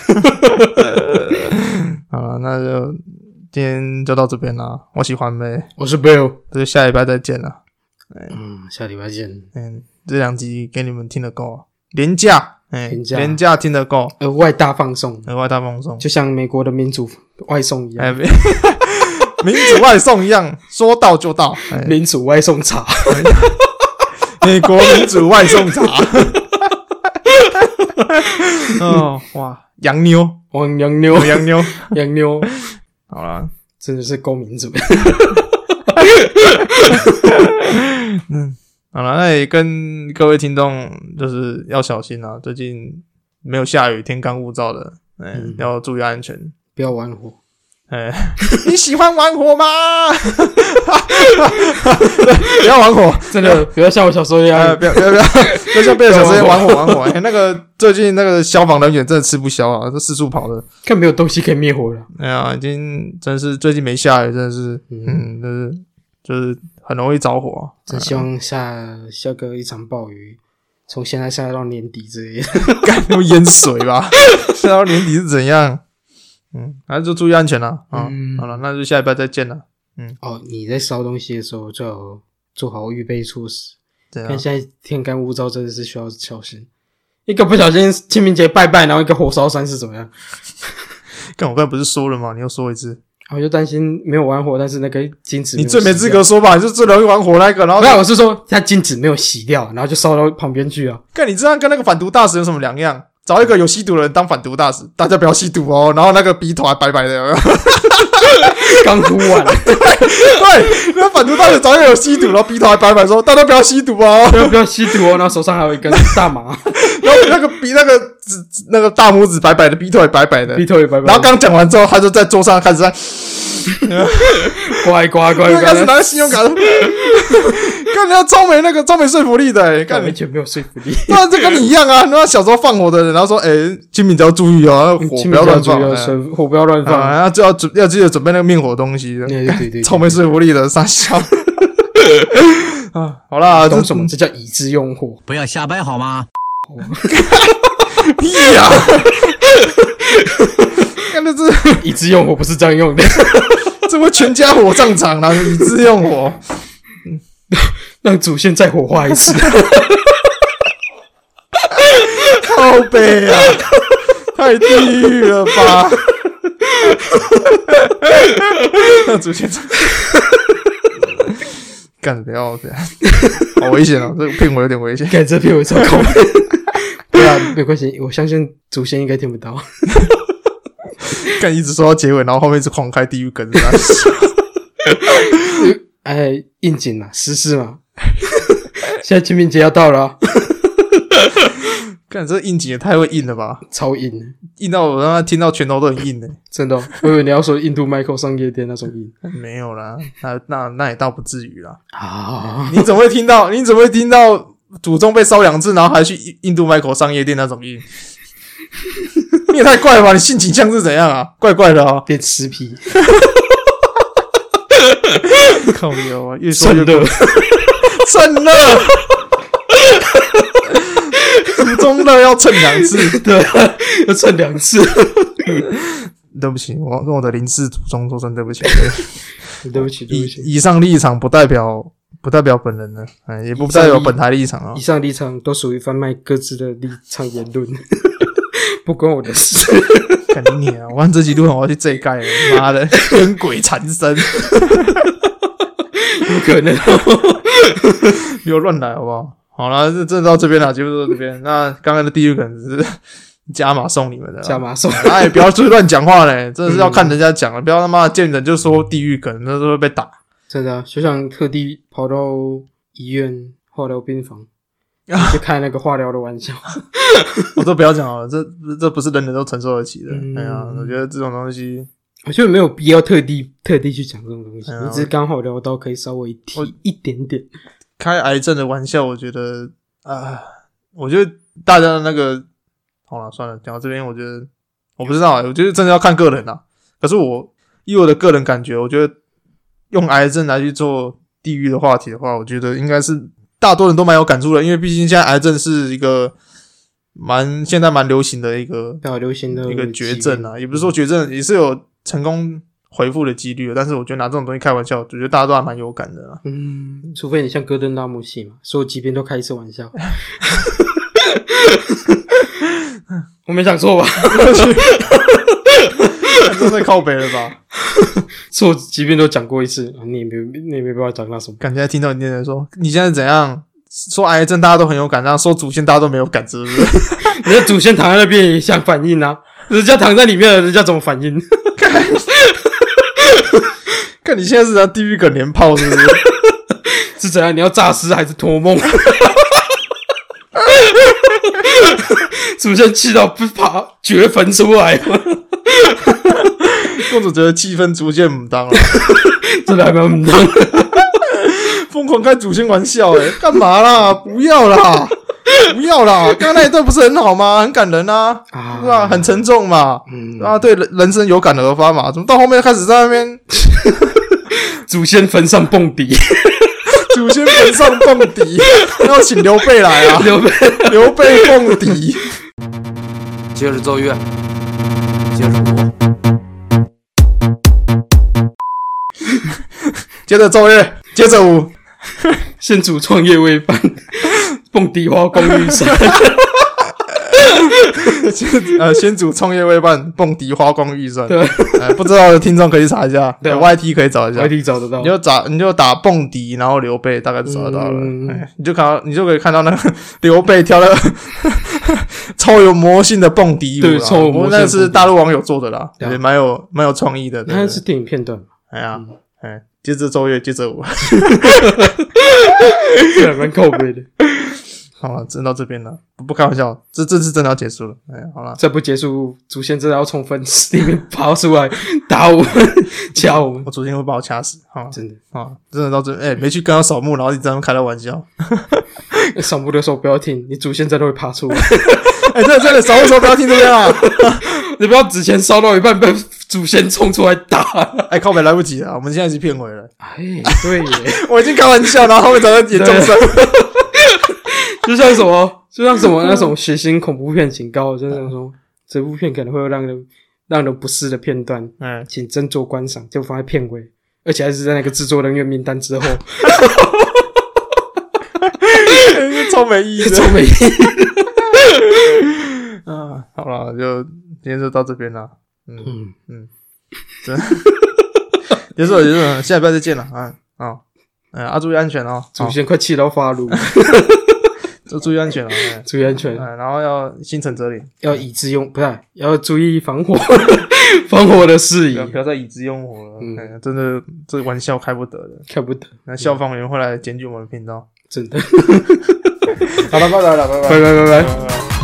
好了，那就今天就到這邊啦。我喜歡唄，我是 Bill，那就是、下禮拜再見了。嗯，下禮拜見。嗯，這兩集給你們聽的夠，連假。連、欸、假，連假聽得夠。額外大放送，外大放送，就像美國的民主外送一樣，哎、 民主外送一樣， 說到就到、哎，民主外送茶、 哎，美國民主外送茶。 嗯、哦，哇，洋妞，哇，洋妞，洋妞，洋妞，洋妞洋妞好了，真的是夠民主。 嗯。好了，那、欸、也跟各位聽眾，就是要小心啊！最近沒有下雨，天乾物燥的、欸，嗯，要注意安全，不要玩火。哎、欸， 你喜歡玩火嗎？ 不要玩火，真的要不，要不要像我小時候一樣， 呃、不要不要不要 不要像貝爾小時候玩火玩火，玩火、欸。那個最近那個消防人員真的吃不消啊，這四處跑的，看沒有東西可以滅火了。哎、嗯、呀、欸，已經真是最近沒下雨，真的是，嗯，就、嗯、是就是。很容易着火，啊，真希望下，嗯，下，下個一場暴雨，從現在下到年底之類的該不會 淹水吧？ 下到年底是怎樣？嗯，那就注意安全了啊，嗯，啊。好了，那就下禮拜再見了。嗯，哦，你在燒東西的時候就要做好預備措施。對啊，現在天乾物燥，真的是需要小心。一個不小心，清明節拜拜，然後一個火燒山是怎麼樣？看 我剛才不是說了嗎？你又說一次。然後我就擔心沒有玩火，但是那個金紙，你最沒資格說吧，你就最容易玩火那個。然後，不是，我是說，他金紙沒有洗掉，然後就燒到旁邊去啊！跟你這樣跟那個反毒大使有什麼兩樣？找一個有吸毒的人當反毒大使，大家不要吸毒哦。然後那個鼻頭還白白的有沒有，剛 呼完了。 對，對，那反毒大使找一個有吸毒，然後鼻頭還白白說：“大家不要吸毒哦，不要，不要吸毒哦。”然後手上還有一根大麻， 然後那個鼻那個指、那個那個、那個大拇指白白的，鼻頭也白白的，鼻頭也白白。然後剛講完之後，他就在桌上看開始在。 乖乖乖，因為是拿信用卡，跟 人家超沒那個超沒說服力的，欸人啊，看你完全沒有說服力，對，就跟你一樣啊。那小時候放火的人，然後說：“哎，清明節要注意哦，啊，火不要亂放，欸，火不要亂放，然後就要準要記得準備那個滅火東西。”超沒說服力的三小啊！好啦，啊，懂什麼？這叫已知用火，不要瞎掰好嗎？ 呀、啊！看那這已知用火不是這樣用的，這不全家火葬場了、啊？已知用火，嗯， 讓祖先再火化一次，靠 北啊！太地獄了吧！ 讓祖先幹什這樣好危險啊、哦！這片尾有點危險，感覺這片尾超靠北。 沒關係，我相信祖先應該聽不到 。幹一直說到結尾，然後後面是狂開地獄梗。哎、 欸，應景啊，時事嘛。現在清明節要到了、啊，看這應景也太會硬了吧，超硬，欸，硬到我讓他聽到拳頭都很硬哎、欸，真的、哦，我以為你要說印度麥克上夜店那種硬， 沒有啦，那那那也倒不至於啦。啊， 你怎麼會聽到，你怎麼會聽到。祖宗被燒兩次，然後還去印度麥可商業店那種意， 你也太怪了吧！你性情像是怎樣啊？怪怪的哦，變吃皮，看不了啊！越說越真的，真 順了 祖宗呢？要蹭兩次，對，要蹭兩次。對不起，我跟我的林氏祖宗說聲對，對，對，對不起。對不起，對不起。以上立場不代表。不代表本人的、欸，也不代表本台立場啊，以上立場都屬於販賣各自的立場言論， 不關我的事。肯 定你啊！我看這集錄我要去這一蓋了，媽的，冤鬼纏身， 不可能，又 亂來好不好？好了，這真到這邊了，就到這邊。那剛剛的地獄梗是加碼送你們的，加碼送。哎、 啊，不要去亂講話嘞，真的是要看人家講了、嗯，不要他媽的見人就說地獄梗，那都會被打。真的、啊，就想特地跑到醫院化療病房，去 開那個化療的玩笑。 我都不要講了，這這不是人人都承受得起的。哎、嗯、呀、啊，我覺得這種東西，我覺得沒有必要特地特地去講這種東西。一、啊、只是剛好聊到可以稍微提一點點。開癌症的玩笑，我覺得啊、呃，我覺得大家的那個好了，算了。講到這邊，我覺得我不知道，我覺得真的要看個人啊。可是我以我的個人感覺，我覺得。用癌症來去做地獄的話題的話，我覺得應該是大多人都蠻有感觸的，因為畢竟現在癌症是一個蠻現在蠻流行的一個，比較流行的一個絕症啊，也不是說絕症，嗯、也是有成功回復的幾率的，但是我覺得拿這種東西開玩笑，我覺得大家都還蠻有感的、啊。嗯，除非你像戈登拉姆齊嘛，所有疾病都開一次玩笑。 我沒想說吧。 都在靠北了吧？ 所以我即便都講過一次，啊，你也沒你也沒辦法講那什麼。感覺還聽到你在說，你現在怎樣？說癌症，大家都很有感受，說祖先大家都沒有感知，是不是？ 人家祖先躺在那邊也想反應啊？人家躺在裡面，人家怎麼反應？ 看你現在是拿地獄梗連炮，是不是？ 是怎樣？你要詐屍還是托夢？ 祖先氣到不怕掘墳出來 公主覺得氣氛逐漸母湯了， 這兩個母湯瘋狂開祖先玩笑，哎，幹嘛啦？不要啦，不要啦！剛剛那一段不是很好嗎？很感人啊，啊，是吧？啊、很沉重嘛、嗯，啊，對，人生有感而發嘛。怎麼到後面開始在那邊 祖先墳上蹦迪 祖先墳上蹦迪 要請劉備來啊！劉備，劉備，劉備蹦迪，接着奏樂，接着舞。 接着奏樂，接着舞。 先祖創業未半、 呃，蹦迪花光預算。先呃，先祖創業未半，蹦迪花光預算。對、 欸，不知道的聽眾可以查一下，對、啊欸、Y T 可以找一下，Y T 找得到。你就找你就打蹦迪，然後劉備大概就找得到了。嗯欸、你就看到，你就可以看到那個劉備跳了呵呵超有魔性的蹦迪對，超魔性魔。那是大陸網友做的啦，也蠻、啊、有蠻有創意的。那是電影片段。哎呀、嗯，哎，接着奏樂，接着舞， 這還蠻可悲的。好啦，真到這邊了，不開玩笑，這這次真的要結束了。哎，好了，再不結束，祖先真的要從墳裡面爬出來 打我掐我，我祖先會把我掐死。好，真的，啊，真的到這，哎、欸，沒去跟他掃墓，然後你真的開的玩笑，呵呵掃墓的時候不要聽，你祖先真的會爬出來。哎、 欸，真的真的，掃墓的時候不要聽這邊啊。呵 呵你不要紙錢燒到一半被祖先衝出來打！哎、欸，靠北來不及了，我們現在是片尾了。哎，對耶，耶 我已經開玩笑了，然後後面找到嚴重刪。 就像什麼？就像什麼？ 那種血腥恐怖片警告，就是講說這部、嗯、片可能會有讓人讓人不適的片段，嗯，請斟酌觀賞，就放在片尾，而且還是在那個制作人員名單之後。 超沒意思，超沒意思 啊。啊好了，就。今天就到這邊了，嗯嗯嗯、 了，嗯嗯，真，結束結束，下次不要再見了啊啊，嗯、啊，啊，注意安全啊、哦，祖先快氣到發爐，都注意安全了，哎、注意安全、嗯嗯嗯，然後要心誠則靈，要以致用、嗯、不是，要注意防火，防火的事宜不，不要再以致用火了，嗯、啊，真的這玩笑開不得的，開不得，那消防員會來檢舉我們頻道，真的 好，好了拜拜了拜拜。拜拜拜拜拜拜，拜。拜